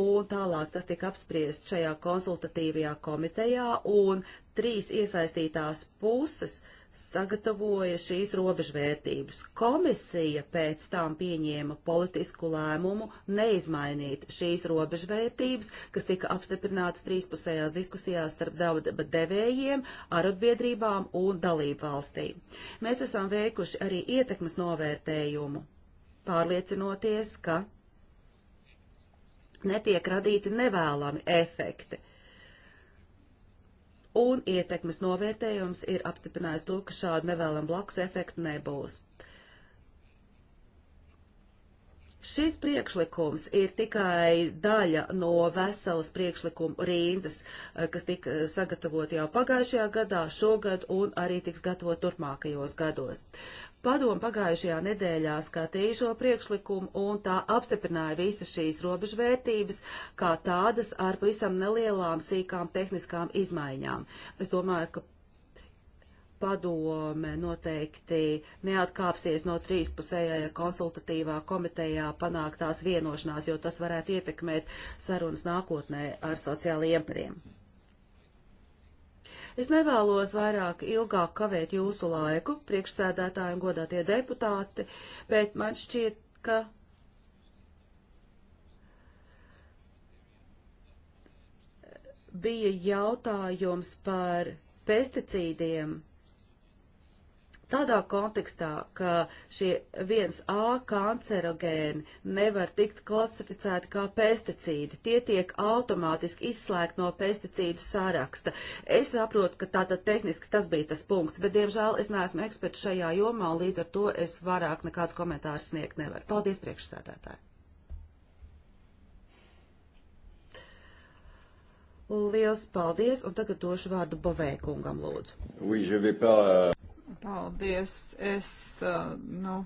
un tālāk tas tika apspriest šajā konsultatīvajā komitejā, un trīs iesaistītās puses uh, sagatavoja šīs robežvērtības. Komisija pēc tām pieņēma politisku lēmumu neizmainīt šīs robežvērtības, kas tika apstiprinātas trīspusējās diskusijās starp darba devējiem, arotbiedrībām un dalību valstīm. Mēs esam veikuši arī ietekmes novērtējumu, pārliecinoties, ka netiek radīti nevēlami efekti un ietekmes novērtējums ir apstiprinājis to, ka šādu nevēlam blakus efektu nebūs. Uh, Šis priekšlikums ir tikai daļa no veselas priekšlikumu rindas, eh, kas tika sagatavot jau pagājušajā gadā, šogad un arī tiks gatavot turpmākajos gados. Padomu pagājušajā nedēļā skatīja šo priekšlikumu un tā apstiprināja visas šīs robežvērtības kā tādas ar pavisam nelielām sīkām tehniskām izmaiņām. Es domāju, ka padome noteikti neatkāpsies no trīspusējā konsultatīvā komitejā panāktās vienošanās, jo tas varētu ietekmēt sarunas nākotnē ar sociālajiem pariem. Es nevēlos vairāk ilgāk kavēt jūsu laiku, priekšsēdētāji un godātie deputāti, bet man šķiet, ka bija jautājums par pesticīdiem tādā kontekstā, ka šie 1A kancerogēni nevar tikt klasificēti kā pesticīdi. Tie tiek automātiski izslēgt no pesticīdu sāraksta. Es saprotu, ka tātad tehniski tas bija tas punkts, bet diemžēl es neesmu eksperts šajā jomā, un līdz ar to es vairāk nekāds komentārs sniegt nevaru. Paldies priekšsēdētāji! Liels paldies, un tagad došu vārdu Bovēkungam, lūdzu. Oui, pas... Euh, Paldies. Es, uh, nu,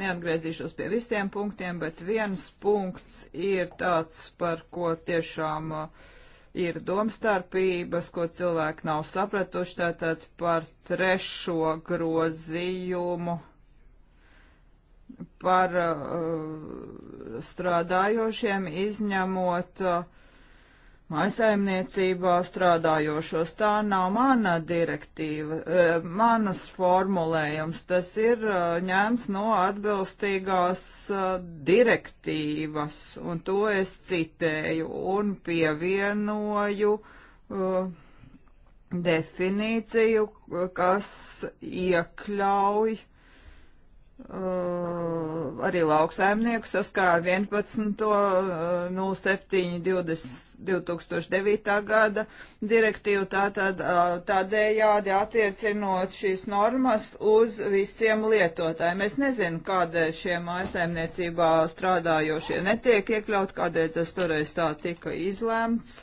neatgriezīšos pie visiem punktiem, bet viens punkts ir tāds, par ko tiešām uh, ir domstarpības, ko cilvēki nav sapratuši, tātad par trešo grozījumu par uh, strādājošiem izņemot uh, maisaimniecībā strādājošos. Tā nav mana direktīva, e, manas formulējums, tas ir e, ņēmts no atbilstīgās e, direktīvas, un to es citēju un pievienoju uh, definīciju, kas iekļauj uh, arī lauksaimnieku saskā ar 11.07.20. 2009. gada direktīvu, tātad tādējādi attiecinot šīs normas uz visiem lietotājiem. Es nezinu, kādēļ šie mājasaimniecībā strādājošie netiek iekļaut, kādēļ tas toreiz tā tika izlēmts,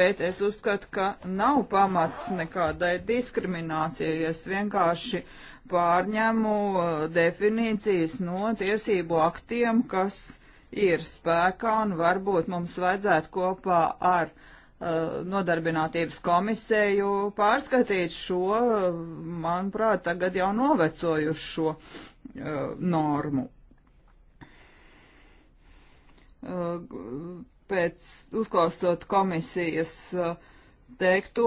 bet es uzskatu, ka nav pamats nekādai diskriminācijai. Es vienkārši pārņemu definīcijas no tiesību aktiem, kas ir spēkā un varbūt mums vajadzētu kopā ar uh, nodarbinātības komisēju pārskatīt šo, uh, manuprāt, tagad jau novecojušo uh, normu. Uh, pēc uzklausot komisijas uh, teikto,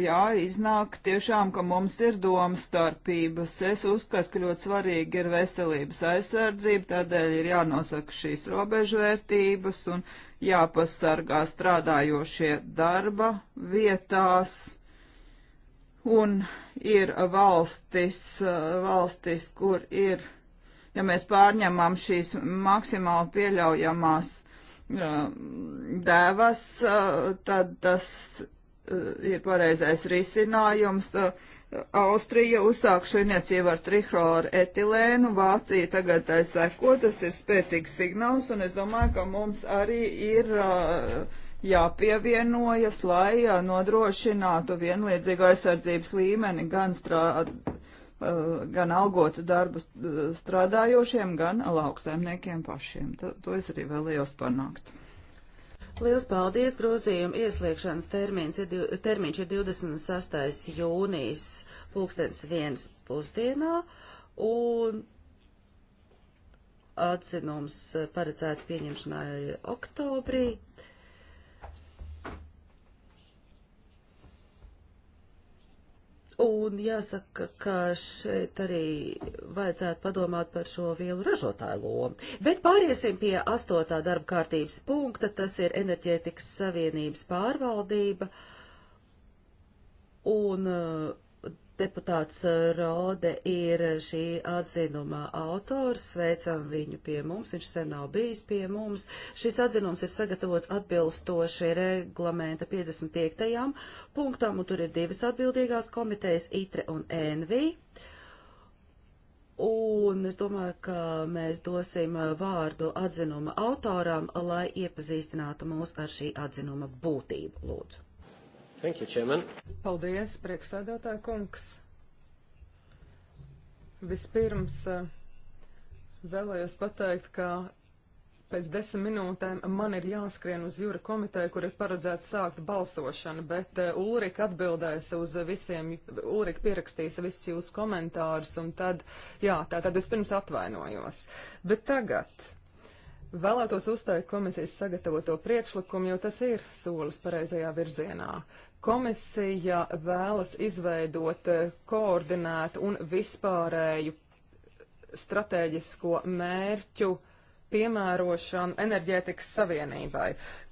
jā, iznāk tiešām, ka mums ir domstarpības. Es uzskatu, ka ļoti svarīgi ir veselības aizsardzība, tādēļ ir jānosaka šīs robežvērtības un jāpasargā strādājošie darba vietās. Un ir valstis, valstis kur ir, ja mēs pārņemam šīs maksimāli pieļaujamās dēvas, tad tas Eh, ir pareizais risinājums. Eh, Austrija uzsāk šo iniciatīvu ar trihloru etilēnu, Vācija tagad tai seko, tas ir spēcīgs signāls, un es domāju, ka mums arī ir eh, jāpievienojas, lai nodrošinātu vienlīdzīgu aizsardzības līmeni gan, strād, gan algotu darbu strādājošiem, gan lauksaimniekiem pašiem. To, to es arī vēlējos panākt. Liels paldies! Grozījuma iesliekšanas termiņš ir, termiņš ir 26. jūnijas pulkstens viens pusdienā un atzinums paredzēts pieņemšanai oktobrī. Uh, Un jāsaka, ka šeit arī vajadzētu padomāt par šo vielu ražotāju lomu. Bet pāriesim pie astotā darba kārtības punkta, tas ir enerģētikas savienības pārvaldība. Un uh, Deputāts eh, Rode ir eh, šī atzinuma autors, sveicam viņu pie mums, viņš sen nav bijis pie mums. Šis atzinums ir sagatavots atbilstoši reglamenta 55. punktam, un tur ir divas atbildīgās komitejas - ITRE un ENVI. Un es domāju, ka mēs dosim eh, vārdu atzinuma autoram, lai iepazīstinātu mūs ar šī atzinuma būtību, lūdzu. Thank you, Chairman. Paldies, priekšsēdētāja kungs. Vispirms eh, vēlējos pateikt, ka pēc desmit minūtēm man ir jāskrien uz jūra komiteju, kur ir paredzēts sākt balsošana, bet eh, Ulrika atbildēs uz visiem, Ulrika pierakstīs visus jūsu komentārus, un tad, jā, tā tad es pirms atvainojos. Bet tagad vēlētos uzteikt komisijas sagatavoto priekšlikumu, jo tas ir solis pareizajā virzienā. Komisija vēlas izveidot eh, koordinētu un vispārēju stratēģisko mērķu piemērošanu enerģētikas savienībai.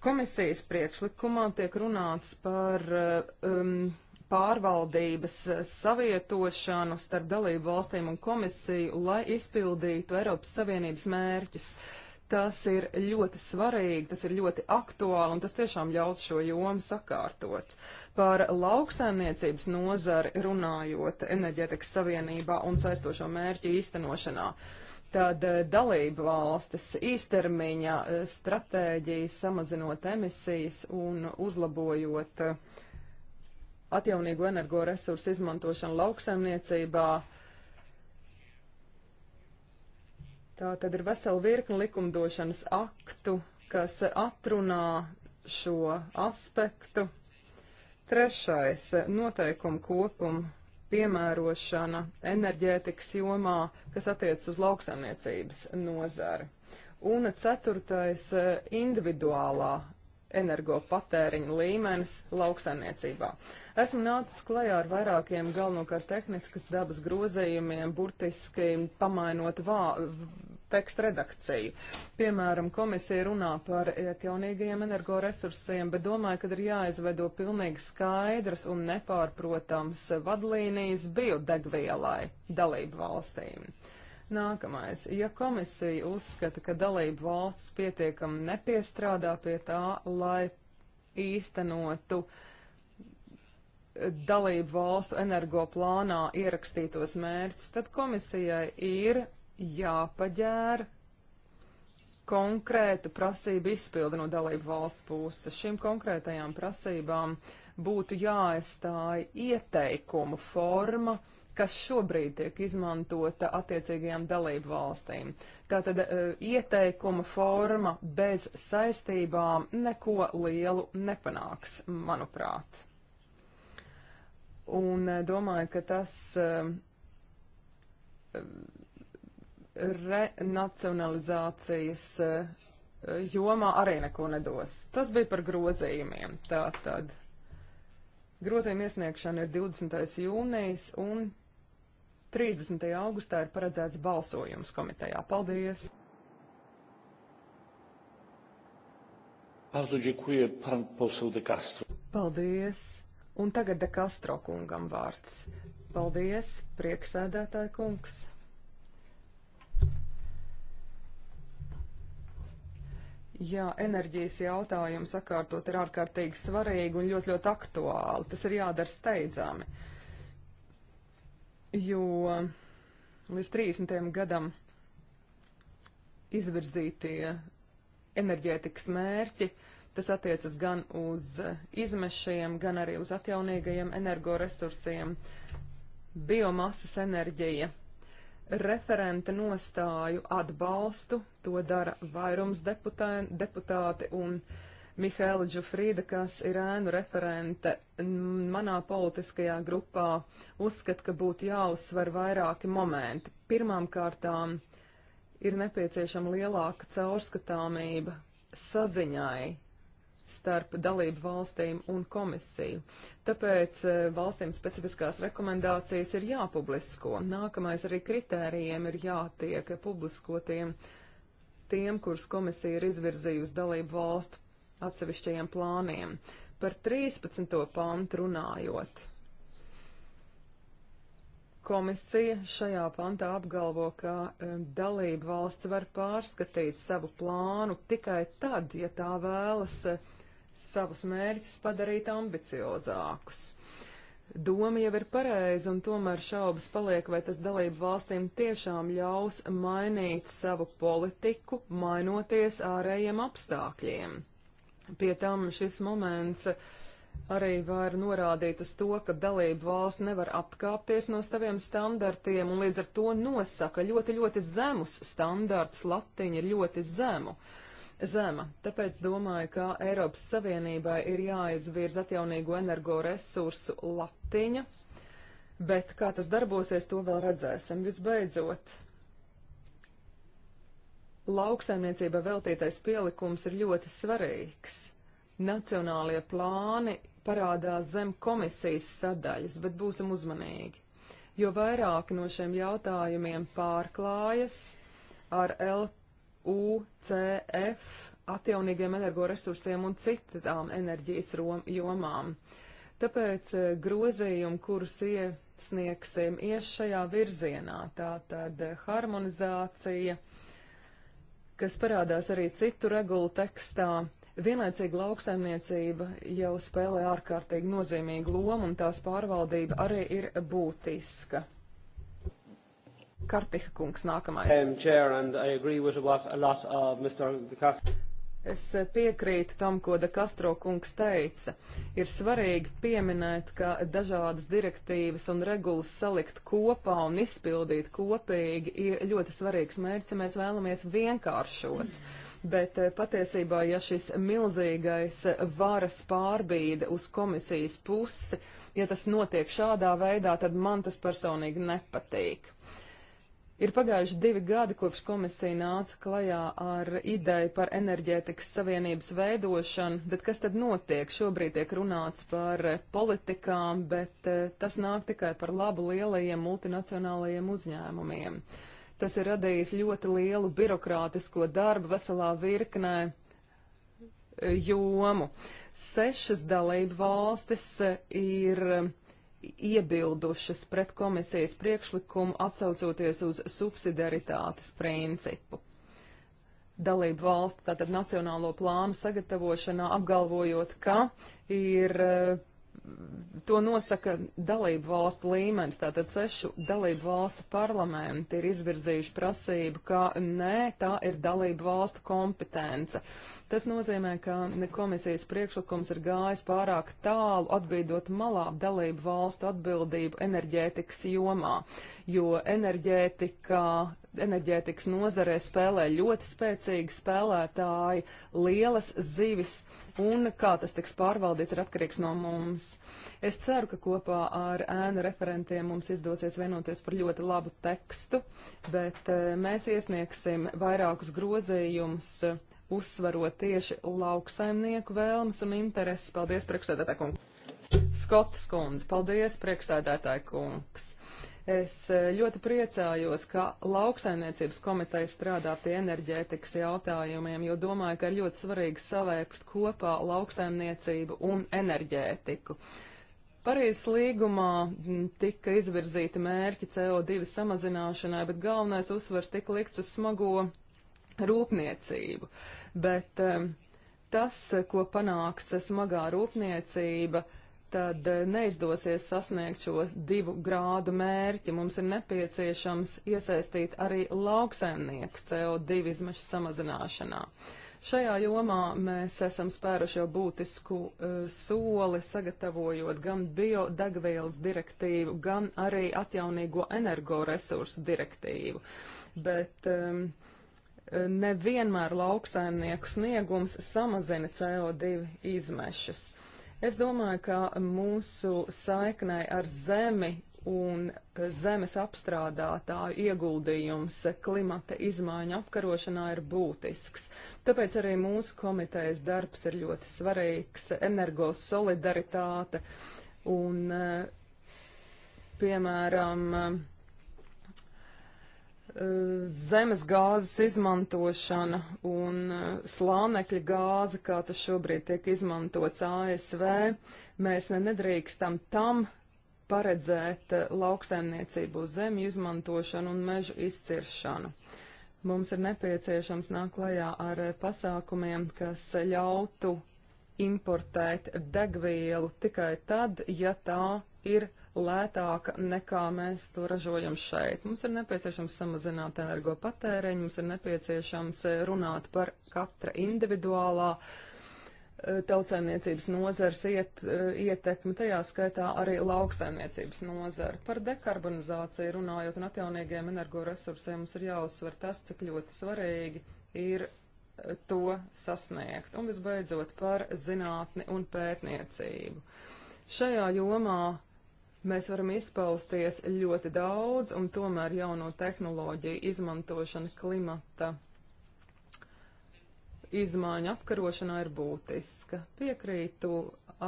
Komisijas priekšlikumā tiek runāts par eh, um, pārvaldības savietošanu starp dalību valstīm un komisiju, lai izpildītu Eiropas Savienības mērķus. Tas ir ļoti svarīgi, tas ir ļoti aktuāli un tas tiešām ļaut šo jomu sakārtot. Par lauksaimniecības nozari runājot enerģetikas savienībā un saistošo mērķu īstenošanā. Tad eh, dalība valstis īstermiņa eh, stratēģijas samazinot emisijas un uzlabojot eh, atjaunīgo energoresursu izmantošanu lauksaimniecībā Tā tad ir vesela virkni likumdošanas aktu, kas atrunā šo aspektu. Trešais - noteikumu kopumu piemērošana enerģētikas jomā, kas attiecas uz lauksaimniecības nozari. Un ceturtais - individuālā energopatēriņa līmenis lauksaimniecībā. Esmu nācis klajā ar vairākiem galvenokārt tehniskas dabas grozējumiem, burtiski pamainot vā, tekstu redakciju. Piemēram, komisija runā par jaunīgajiem energoresursiem, bet domāju, ka ir jāizveido pilnīgi skaidras un nepārprotams vadlīnijas biodegvielai dalību valstīm. Nākamais. Ja komisija uzskata, ka dalību valsts pietiekami nepiestrādā pie tā, lai īstenotu dalību valstu energoplānā ierakstītos mērķus, tad komisijai ir jāpaģēra konkrēta prasība izpilda no dalību valstu puses. Šīm konkrētajām prasībām būtu jāaizstāja ieteikumu forma, uh, kas šobrīd tiek izmantota attiecīgajām dalību valstīm. Tātad e, ieteikuma forma bez saistībām neko lielu nepanāks, manuprāt. Un e, domāju, ka tas e, renacionalizācijas e, jomā arī neko nedos. Tas bija par grozījumiem. Tātad grozījuma iesniegšana ir 20. jūnijas un 30. augustā ir paredzēts balsojums komitejā. Paldies! Paldies! Un tagad De Castro kungam vārds. Paldies, prieksēdētāja kungs! Jā, enerģijas jautājums sakārtot ir ārkārtīgi svarīgi un ļoti, ļoti aktuāli. Tas ir jādara steidzami jo līdz 30. gadam izvirzītie enerģētikas mērķi, tas attiecas gan uz izmešiem, gan arī uz atjaunīgajiem energoresursiem, biomasas enerģija. Referenta nostāju atbalstu, to dara vairums deputē, deputāti un deputāti Mihēla Džufrīda, kas ir ēnu referente manā politiskajā grupā, uzskata, ka būtu jāuzsver vairāki momenti. Pirmām kārtām ir nepieciešama lielāka caurskatāmība saziņai starp dalību valstīm un komisiju. Tāpēc e, valstīm specifiskās rekomendācijas ir jāpublisko. Nākamais arī kritērijiem ir jātiek publiskotiem tiem, kurus komisija ir izvirzījusi dalību valstu atsevišķajiem plāniem. Par 13. pantu runājot. Komisija šajā pantā apgalvo, ka e, dalība valsts var pārskatīt savu plānu tikai tad, ja tā vēlas e, savus mērķus padarīt ambiciozākus. Doma jau ir pareiza, un tomēr šaubas paliek, vai tas dalību valstīm tiešām ļaus mainīt savu politiku, mainoties ārējiem apstākļiem. Pie tam šis moments arī var norādīt uz to, ka dalību valsts nevar atkāpties no saviem standartiem un līdz ar to nosaka ļoti, ļoti zemus standartus. Latiņa ir ļoti zemu. Zema. Tāpēc domāju, ka Eiropas Savienībai ir jāizvirz atjaunīgo energoresursu latiņa, bet kā tas darbosies, to vēl redzēsim. Visbeidzot, lauksaimniecība veltītais pielikums ir ļoti svarīgs. Nacionālie plāni parādās zem komisijas sadaļas, bet būsim uzmanīgi, jo vairāk no šiem jautājumiem pārklājas ar LUCF atjaunīgiem energoresursiem un citām enerģijas jomām. Tāpēc eh, grozījumi, kurus iesniegsim, ies šajā virzienā, tātad eh, harmonizācija, uh, kas parādās arī citu regulu tekstā. Vienlaicīgi lauksaimniecība jau spēlē ārkārtīgi nozīmīgu lomu, un tās pārvaldība arī ir būtiska. Kartiha kungs nākamais. Um, chair, Es piekrītu tam, ko De Castro kungs teica. Ir svarīgi pieminēt, ka dažādas direktīvas un regulas salikt kopā un izpildīt kopīgi ir ļoti svarīgs mērķis, ja mēs vēlamies vienkāršot. Bet eh, patiesībā, ja šis milzīgais varas pārbīde uz komisijas pusi, ja tas notiek šādā veidā, tad man tas personīgi nepatīk. Ir pagājuši divi gadi, kopš komisija nāca klajā ar ideju par enerģētikas savienības veidošanu, bet kas tad notiek? Šobrīd tiek runāts par politikām, bet eh, tas nāk tikai par labu lielajiem multinacionālajiem uzņēmumiem. Tas ir radījis ļoti lielu birokrātisko darbu veselā virknē eh, jomu. Sešas dalību valstis eh, ir iebildušas pret komisijas priekšlikumu atsaucoties uz subsidiaritātes principu. Dalību valstu, tātad nacionālo plānu sagatavošanā apgalvojot, ka ir eh, to nosaka dalību valstu līmenis. Tātad sešu dalību valstu parlamenti ir izvirzījuši prasību, ka nē, tā ir dalību valstu kompetence. Tas nozīmē, ka komisijas priekšlikums ir gājis pārāk tālu atbīdot malā dalību valstu atbildību enerģētikas jomā, jo enerģētikā enerģētikas nozarē spēlē ļoti spēcīgi spēlētāji, lielas zivis, un kā tas tiks pārvaldīts, ir atkarīgs no mums. Es ceru, ka kopā ar ēnu referentiem mums izdosies vienoties par ļoti labu tekstu, bet eh, mēs iesniegsim vairākus grozījumus uzsvarot tieši lauksaimnieku vēlmes un intereses. Paldies, priekšsēdētāja kungs. Skotas kundze, paldies, priekšsēdētāja kungs. Es e, ļoti priecājos, ka lauksaimniecības komiteja strādā pie enerģētikas jautājumiem, jo domāju, ka ir ļoti svarīgi savērt kopā lauksaimniecību un enerģētiku. Parīzes līgumā tika izvirzīti mērķi CO2 samazināšanai, bet galvenais uzsvers tika likts uz smago rūpniecību. Bet um, tas, ko panāks smagā rūpniecība, tad eh, neizdosies sasniegt šo divu grādu mērķi. Mums ir nepieciešams iesaistīt arī lauksaimniekus CO2 izmešu samazināšanā. Šajā jomā mēs esam spēruši jau būtisku uh, soli, sagatavojot gan biodegvielas direktīvu, gan arī atjaunīgo energoresursu direktīvu. Bet um, nevienmēr lauksaimnieku sniegums samazina CO2 izmešas. Es domāju, ka mūsu saiknē ar zemi un zemes apstrādātāju ieguldījums klimata izmaiņu apkarošanā ir būtisks. Tāpēc arī mūsu komitejas darbs ir ļoti svarīgs, energos solidaritāte un, piemēram, Eh, zemes gāzes izmantošana un eh, slānekļa gāze, kā tas šobrīd tiek izmantots ASV, mēs ne nedrīkstam tam paredzēt eh, lauksaimniecību zemju izmantošanu un mežu izciršanu. Mums ir nepieciešams nāk klajā ar pasākumiem, kas ļautu importēt degvielu tikai tad, ja tā ir lētāka nekā mēs to ražojam šeit. Mums ir nepieciešams samazināt energopatēriņu, mums ir nepieciešams eh, runāt par katra individuālā eh, tautsēmniecības nozars iet, eh, ietekmi, tajā skaitā arī lauksēmniecības nozara. Par dekarbonizāciju runājot un atjaunīgiem energoresursiem mums ir jāuzsver tas, cik ļoti svarīgi ir to sasniegt. Un visbeidzot par zinātni un pētniecību. Šajā jomā Mēs varam izpausties ļoti daudz, un tomēr jauno tehnoloģiju izmantošana klimata izmaiņu apkarošanā ir būtiska. Piekrītu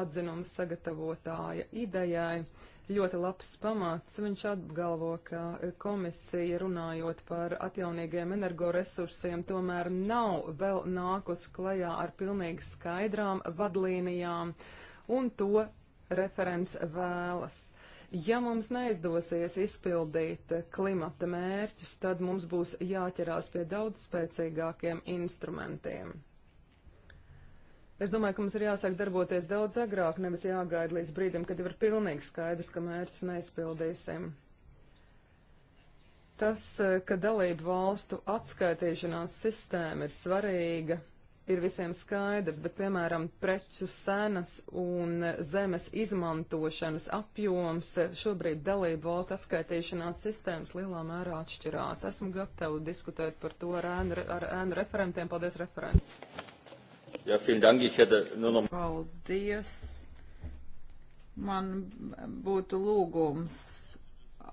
atzinuma sagatavotāja idejai. Ļoti labs pamats. Viņš atgalvo, ka komisija runājot par atjaunīgiem energoresursiem tomēr nav vēl nākus klajā ar pilnīgi skaidrām vadlīnijām, un to referents vēlas. Ja mums neizdosies izpildīt klimata mērķus, tad mums būs jāķerās pie daudz spēcīgākiem instrumentiem. Es domāju, ka mums ir jāsāk darboties daudz agrāk, nevis jāgaida līdz brīdim, kad jau ir pilnīgi skaidrs, ka mērķus neizpildīsim. Tas, eh, ka dalību valstu atskaitīšanās sistēma ir svarīga, ir visiem skaidrs, bet, piemēram, preču cenas un zemes izmantošanas apjoms šobrīd dalību valstu atskaitīšanās sistēmas lielā mērā atšķirās. Esmu gatava diskutēt par to ar ēnu, ar ēnu referentiem. Paldies, referenti! Ja, dank, ich hätte nur noch... Paldies! Man būtu lūgums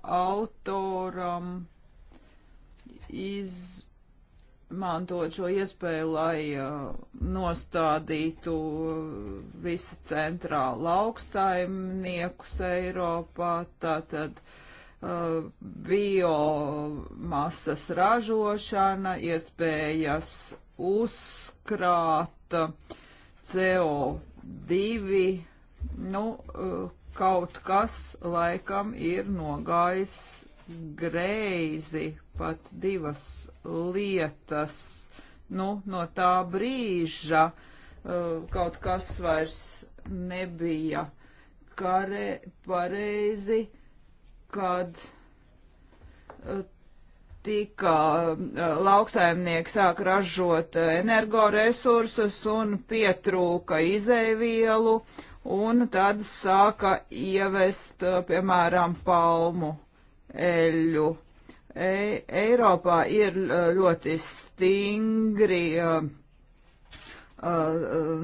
autoram iz izmantot šo iespēju, lai uh, nostādītu uh, visi centrāli lauksaimniekus Eiropā, tātad uh, biomasas ražošana, iespējas uzkrāt uh, CO2, nu, uh, kaut kas laikam ir nogājis greizi pat divas lietas. Nu, no tā brīža uh, kaut kas vairs nebija kare, pareizi, kad uh, tika uh, lauksaimnieki sāk ražot energoresursus un pietrūka izēvielu, un tad sāka ievest, uh, piemēram, palmu eļļu. Ei, Eiropā ir e, ļoti stingri uh,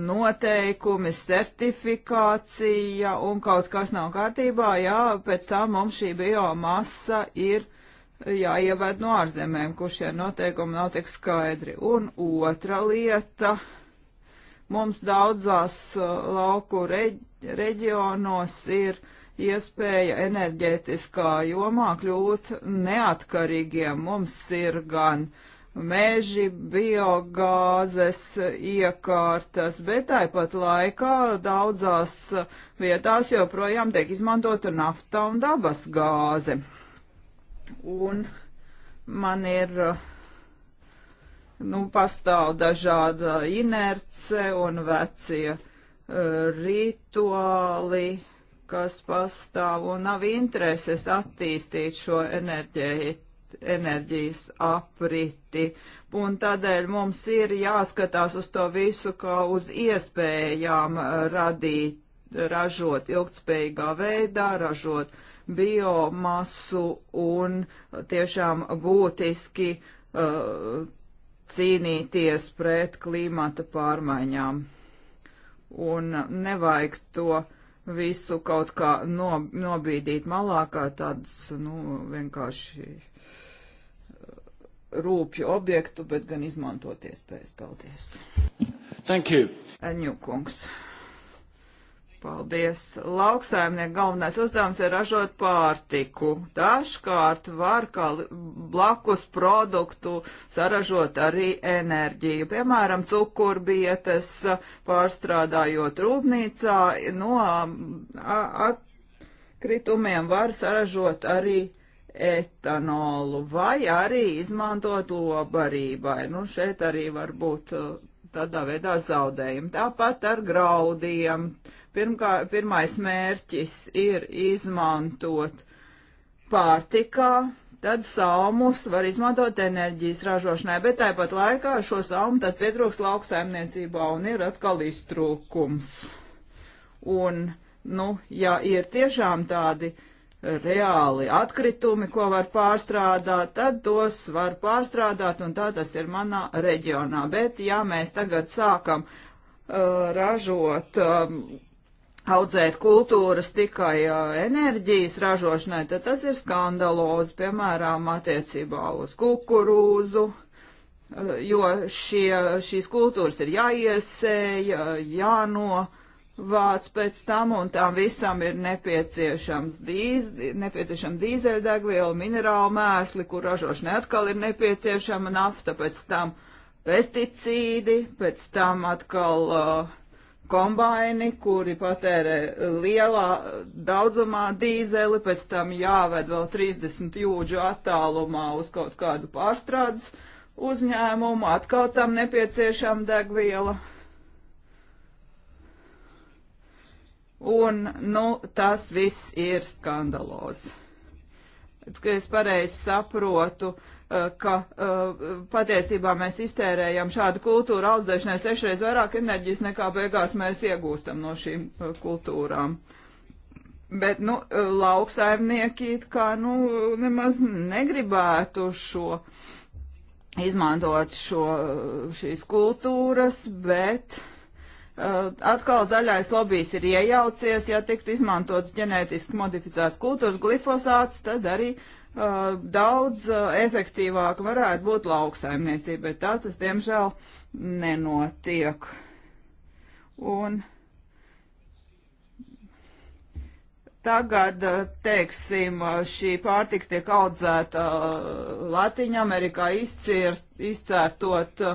noteikumi, certifikācija un kaut kas nav kārtībā, jā, pēc tam mums šī biomasa ir jāieved no ārzemēm, kur šie noteikumi nav tik skaidri. Un otra lieta, mums daudzās lauku reģionos ir uh, iespēja enerģētiskā jomā kļūt neatkarīgiem. Mums ir gan meži, biogāzes iekārtas, bet tāpat laikā daudzās vietās joprojām tiek izmantota nafta un dabas gāze. Un man ir uh, nu, pastāv dažāda inerce un vecie uh, rituāli, kas pastāv un nav intereses attīstīt šo enerģiju enerģijas apriti, un tādēļ mums ir jāskatās uz to visu kā uz iespējām radīt, ražot ilgtspējīgā veidā, ražot biomasu un tiešām būtiski uh, cīnīties pret klimata pārmaiņām. Un nevajag to uh, visu kaut kā no, nobīdīt malā, kā tādus, nu, vienkārši uh, rūpju objektu, bet gan izmantot iespējas. Paldies! Thank you! Eņu kungs! Paldies! Lauksaimnieku galvenais uzdevums ir ražot pārtiku. Dažkārt var kā blakus produktu saražot arī enerģiju. Piemēram, cukurbietes pārstrādājot rūpnīcā no um, atkritumiem var saražot arī etanolu vai arī izmantot lobarībai. Nu, šeit arī var būt uh, tādā veidā zaudējumi. Tāpat ar graudiem Pirmkā, pirmais mērķis ir izmantot pārtikā, tad salmus var izmantot enerģijas ražošanai, bet tāpat laikā šo salmu tad pietrūks lauksaimniecībā un ir atkal iztrūkums. Un, nu, ja ir tiešām tādi reāli atkritumi, ko var pārstrādāt, tad tos var pārstrādāt, un tā tas ir manā reģionā. Bet, ja mēs tagad sākam uh, ražot um, audzēt kultūras tikai uh, enerģijas ražošanai, tad tas ir skandalozi, piemēram, attiecībā uz kukurūzu, uh, jo šie, šīs kultūras ir jāiesēja, jāno vāc pēc tam, un tam visam ir nepieciešams dīz, nepieciešama dīzeļdegviela, minerāla mēsli, kur ražošanai atkal ir nepieciešama nafta, pēc tam pesticīdi, pēc tam atkal uh, kombaini, kuri patērē lielā daudzumā dīzeli, pēc tam jāved vēl 30 jūdžu attālumā uz kaut kādu pārstrādes uzņēmumu, atkal tam nepieciešama degviela. Un, nu, tas viss ir skandalozi. Es pareizi saprotu, uh, Eh, ka eh, patiesībā mēs iztērējam šādu kultūru audzēšanai sešreiz vairāk enerģijas nekā beigās mēs iegūstam no šīm eh, kultūrām. Bet, nu, lauksaimnieki it kā, nu, nemaz negribētu šo izmantot šo, šīs kultūras, bet atkal zaļais lobijs ir iejaucies, ja tiktu izmantots ģenētiski modificēts kultūras glifosāts, tad arī uh, Uh, daudz uh, efektīvāk varētu būt lauksaimniecība, bet tā tas diemžēl nenotiek. Un tagad, uh, teiksim, šī pārtika tiek audzēta Latviņamerikā, izcirtot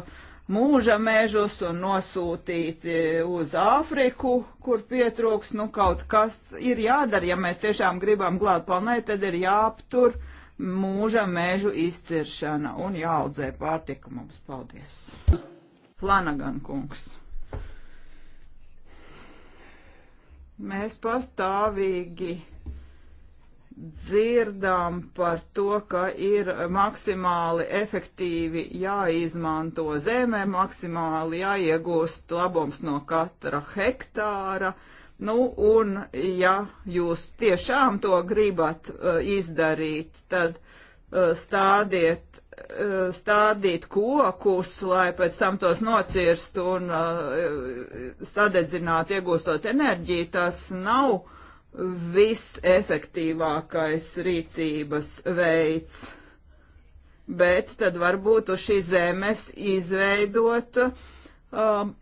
mūža mežus un nosūtīt e, uz Āfriku, kur pietrūks, nu kaut kas ir jādara, ja mēs tiešām gribam glābt planētu, tad ir jāaptur mūža mežu izciršana un jāaudzē pārtika mums. Paldies! Flanagan kungs. Mēs pastāvīgi dzirdām par to, ka ir maksimāli efektīvi jāizmanto zemē, maksimāli jāiegūst labums no katra hektāra. Nu, un ja jūs tiešām to gribat uh, izdarīt, tad uh, stādiet uh, stādīt kokus, lai pēc tam tos nocirst un uh, sadedzināt, iegūstot enerģiju, tas nav visefektīvākais rīcības veids. Bet tad varbūt uz šīs zemes izveidot um,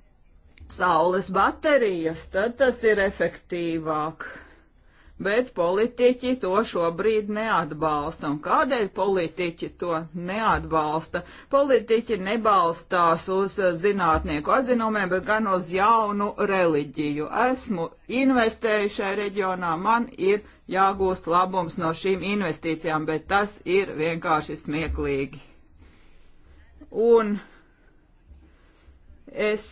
saules baterijas, tad tas ir efektīvāk bet politiķi to šobrīd neatbalsta. Un kādēļ politiķi to neatbalsta? Politiķi nebalstās uz zinātnieku atzinumiem, bet gan uz jaunu reliģiju. Esmu investējuši šajā reģionā, man ir jāgūst labums no šīm investīcijām, bet tas ir vienkārši smieklīgi. Un es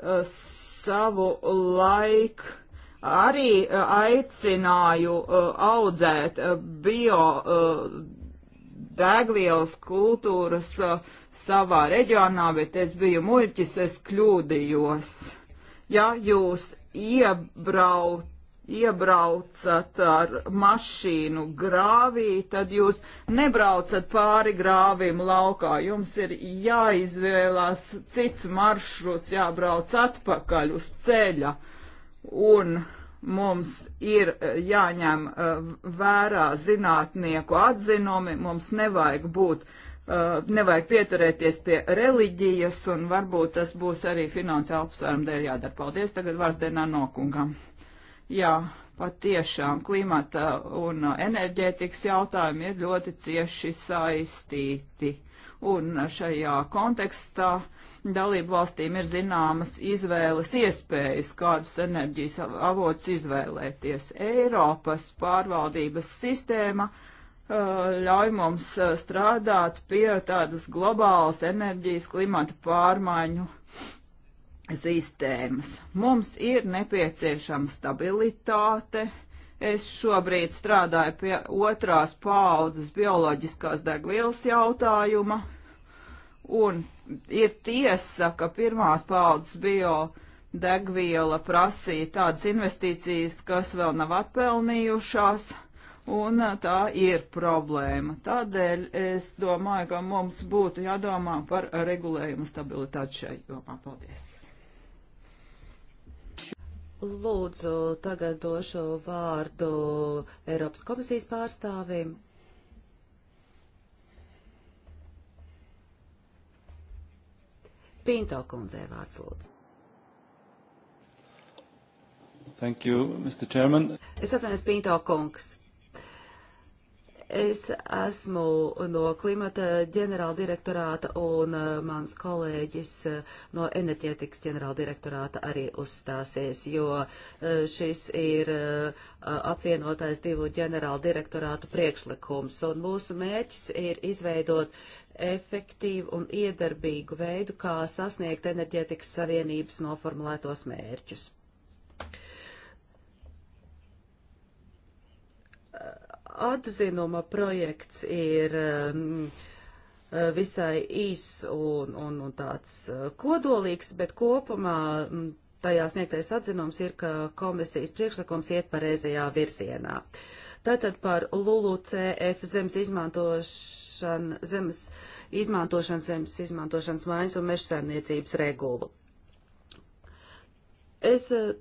uh, savu laiku arī e, aicināju e, audzēt e, bio degvielas kultūras savā reģionā, bet es biju muļķis, es kļūdījos. Ja jūs iebraut iebraucat ar mašīnu grāvī, tad jūs nebraucat pāri grāvim laukā. Jums ir jāizvēlās cits maršruts, jābrauc atpakaļ uz ceļa. Uh, un mums ir e, jāņem e, vērā zinātnieku atzinumi, mums nevajag būt, e, nevajag pieturēties pie reliģijas, un varbūt tas būs arī finansiāli apsvērumu dēļ jādara. Paldies, tagad vārds dienā nokungam. Jā, patiešām klimata un enerģētikas jautājumi ir ļoti cieši saistīti. Un šajā kontekstā uh, dalību valstīm ir zināmas izvēles iespējas, kādus enerģijas avots izvēlēties. Eiropas pārvaldības sistēma uh, ļauj mums uh, strādāt pie tādas globālas enerģijas klimata pārmaiņu sistēmas. Mums ir nepieciešama stabilitāte. Es šobrīd strādāju pie otrās paaudzes bioloģiskās degvielas jautājuma, un ir tiesa, ka pirmās paudzes bio degviela prasīja tādas investīcijas, kas vēl nav atpelnījušās, un tā ir problēma. Tādēļ es domāju, ka mums būtu jādomā par regulējumu stabilitāti šai jomā. Paldies! Lūdzu, tagad došu vārdu Eiropas komisijas pārstāvim Pinto kundzē vārds lūdzu. Thank you, Mr. Chairman. Es atvainojos Pinto kungs. Es esmu no klimata ģenerāla direktorāta un uh, mans kolēģis uh, no enerģētikas ģenerāla direktorāta arī uzstāsies, jo uh, šis ir apvienotais divu ģenerāla direktorātu priekšlikums. Un mūsu mērķis ir izveidot efektīvu un iedarbīgu veidu, kā sasniegt enerģētikas savienības noformulētos mērķus. Atzinuma projekts ir um, visai īs un, un, un tāds uh, kodolīgs, bet kopumā mm, tajā sniegtais atzinums ir, ka komisijas priekšlikums iet pareizajā virzienā. Uh, Tātad par LULUCF zemes izmantošanu, zemes izmantošanas, zemes izmantošanas mājas un mežsaimniecības regulu. Es eh,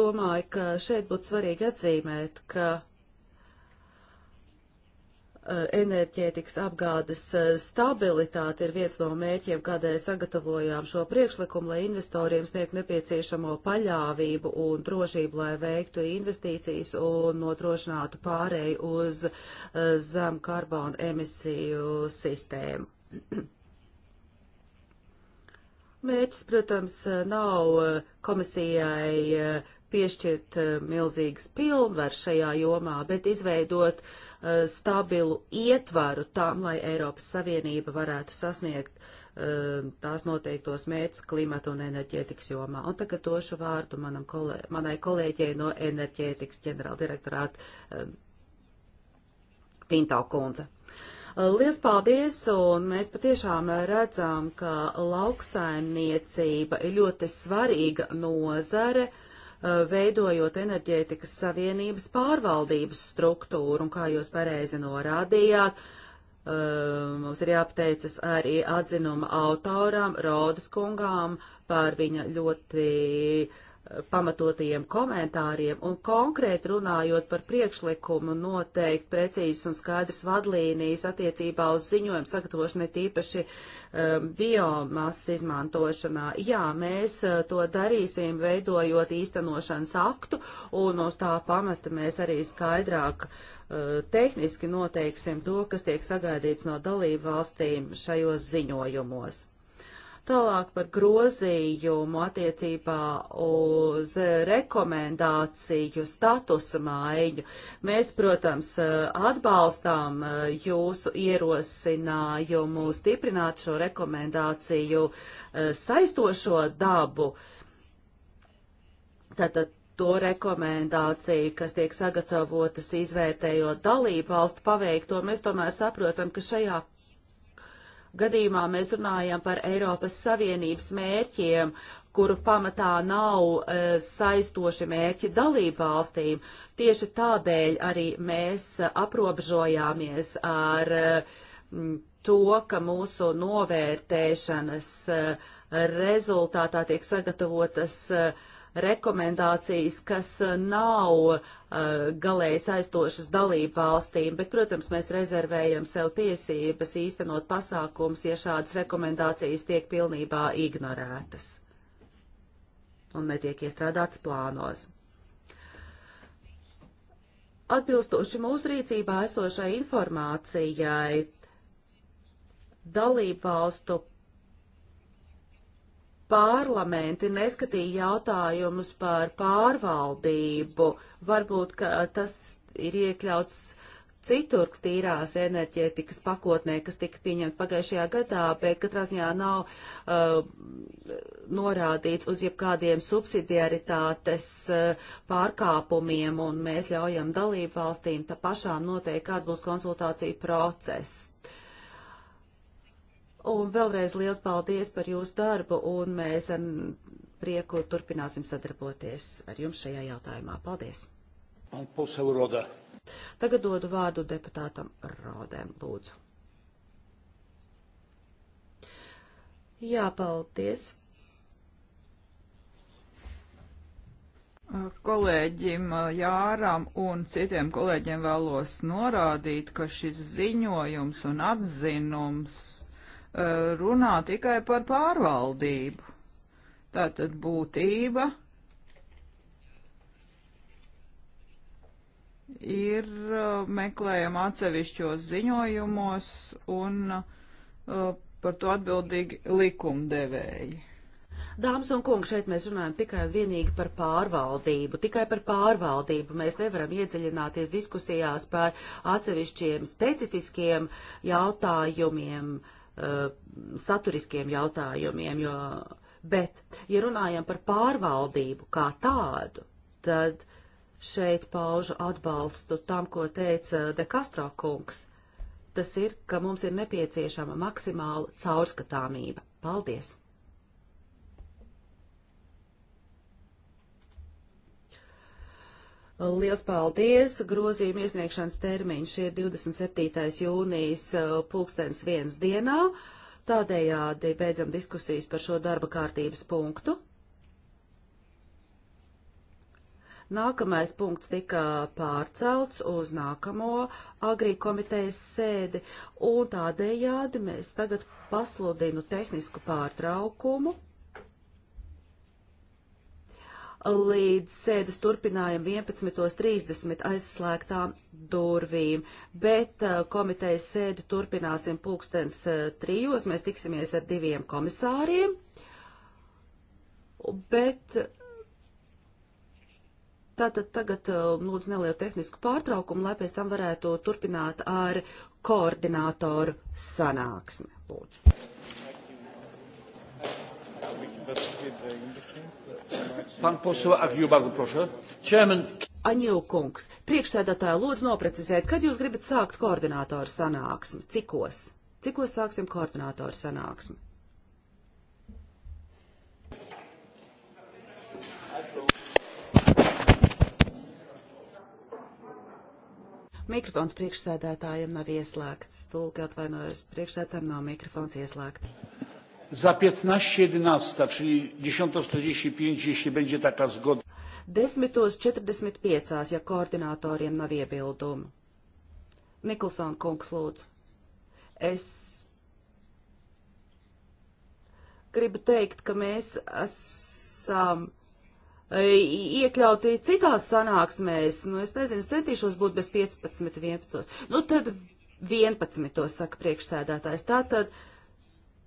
domāju, ka šeit būtu svarīgi atzīmēt, ka Eh, enerģētikas apgādes eh, stabilitāte ir viens no mērķiem, kādēļ sagatavojām šo priekšlikumu, lai investoriem sniegt nepieciešamo paļāvību un drošību, lai veiktu investīcijas un nodrošinātu pārēju uz eh, zem karbona emisiju sistēmu. Mērķis, protams, nav komisijai piešķirt eh, milzīgas pilnvaras šajā jomā, bet izveidot uh, stabilu ietvaru tam, lai Eiropas Savienība varētu sasniegt uh, tās noteiktos mērķus klimata un enerģētikas jomā. Un tagad došu vārdu manam kolē, manai kolēģei no enerģētikas ģenerāldirektorāta uh, Pinto kundze. Liels paldies, un mēs patiešām redzam, ka lauksaimniecība ir ļoti svarīga nozare uh, Uh, veidojot enerģētikas savienības pārvaldības struktūru, un kā jūs pareizi norādījāt, uh, mums ir jāpateicas arī atzinuma autoram, Rodas kungām, par viņa ļoti uh, pamatotajiem komentāriem un konkrēti runājot par priekšlikumu noteikt precīzes un skaidras vadlīnijas attiecībā uz ziņojumu sagatavošanu, tīpaši um, biomasas izmantošanā. Jā, mēs uh, to darīsim, veidojot īstenošanas aktu, un uz tā pamata mēs arī skaidrāk uh, tehniski noteiksim to, kas tiek sagaidīts no dalību valstīm šajos ziņojumos. Tālāk par grozījumu attiecībā uz rekomendāciju statusa maiņu. Mēs, protams, atbalstām jūsu ierosinājumu stiprināt šo rekomendāciju saistošo dabu. Tātad to rekomendāciju, kas tiek sagatavotas izvērtējot dalību valstu paveikto, mēs tomēr saprotam, ka šajā gadījumā mēs runājam par Eiropas Savienības mērķiem, kuru pamatā nav e, saistoši mērķi dalību valstīm. Tieši tādēļ arī mēs aprobežojāmies ar e, to, ka mūsu novērtēšanas e, rezultātā tiek sagatavotas e, rekomendācijas, kas uh, nav uh, galēji saistošas dalību valstīm, bet, protams, mēs rezervējam sev tiesības īstenot pasākums, ja šādas rekomendācijas tiek pilnībā ignorētas un netiek iestrādāts plānos. Atbilstoši mūsu rīcībā esošai informācijai, dalību valstu parlamenti neskatīja jautājumus par pārvaldību. Varbūt, ka tas ir iekļauts citur tīrās enerģētikas pakotnē, kas tika pieņemta pagājušajā gadā, bet katrā ziņā nav uh, norādīts uz jebkādiem subsidiaritātes uh, pārkāpumiem, un mēs ļaujam dalību valstīm ta pašām noteikt, kāds būs konsultāciju process. Uh, Un vēlreiz liels paldies par jūsu darbu, un mēs ar prieku turpināsim sadarboties ar jums šajā jautājumā. Paldies! Tagad dodu vārdu deputātam Rodēm, lūdzu. Jā, paldies! Kolēģim Jāram un citiem kolēģiem vēlos norādīt, ka šis ziņojums un atzinums Eh, runā tikai par pārvaldību. Tātad būtība ir eh, meklējama atsevišķos ziņojumos un eh, par to atbildīgi likumdevēji. Dāmas un kungi, šeit mēs runājam tikai un vienīgi par pārvaldību. Tikai par pārvaldību mēs nevaram iedziļināties diskusijās par atsevišķiem specifiskiem jautājumiem. Uh, Uh, saturiskiem jautājumiem, jo, bet, ja runājam par pārvaldību kā tādu, tad šeit paužu atbalstu tam, ko teica De Castro kungs. Tas ir, ka mums ir nepieciešama maksimāla caurskatāmība. Paldies! Liels paldies! Grozījuma iesniegšanas termiņš ir 27. jūnijas eh, pulkstens viens dienā. Tādējādi beidzam diskusijas par šo darba kārtības punktu. Nākamais punkts tika pārcelts uz nākamo agrī komitejas sēdi, un tādējādi mēs tagad pasludinu tehnisku pārtraukumu līdz sēdes turpinājumu 11.30 aizslēgtām durvīm, bet eh, komitejas sēdi turpināsim pulkstens eh, trijos, mēs tiksimies ar diviem komisāriem, bet eh, Tātad tagad lūdzu nelielu tehnisku pārtraukumu, lai pēc tam varētu turpināt ar koordinātoru sanāksmi. Lūdzu. Pan posla Agļu, bardzo prošu. Čēmen. Aņil kungs, priekšsēdētāja lūdzu noprecizēt, kad jūs gribat sākt koordinātoru sanāksmi? Cikos? Cikos sāksim koordinātoru sanāksmi? Mikrofons priekšsēdētājiem nav ieslēgts. Tūlīt atvainojos, priekšsēdētājiem nav mikrofons ieslēgts za 15.11, czyli 10.45, jeśli będzie taka zgoda. 10.45, ja koordinatoriem nav iebildumu. Nikolson kungs lūdzu. Es gribu teikt, ka mēs esam e, iekļauti citās sanāksmēs. Nu, es nezinu, centīšos būt bez 15.11. Nu, tad 11. saka priekšsēdētājs. Tātad. tad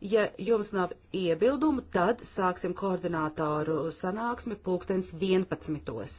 Ja jums nav iebildumu, tad sāksim koordinātoru sanāksmi pulkstens 11.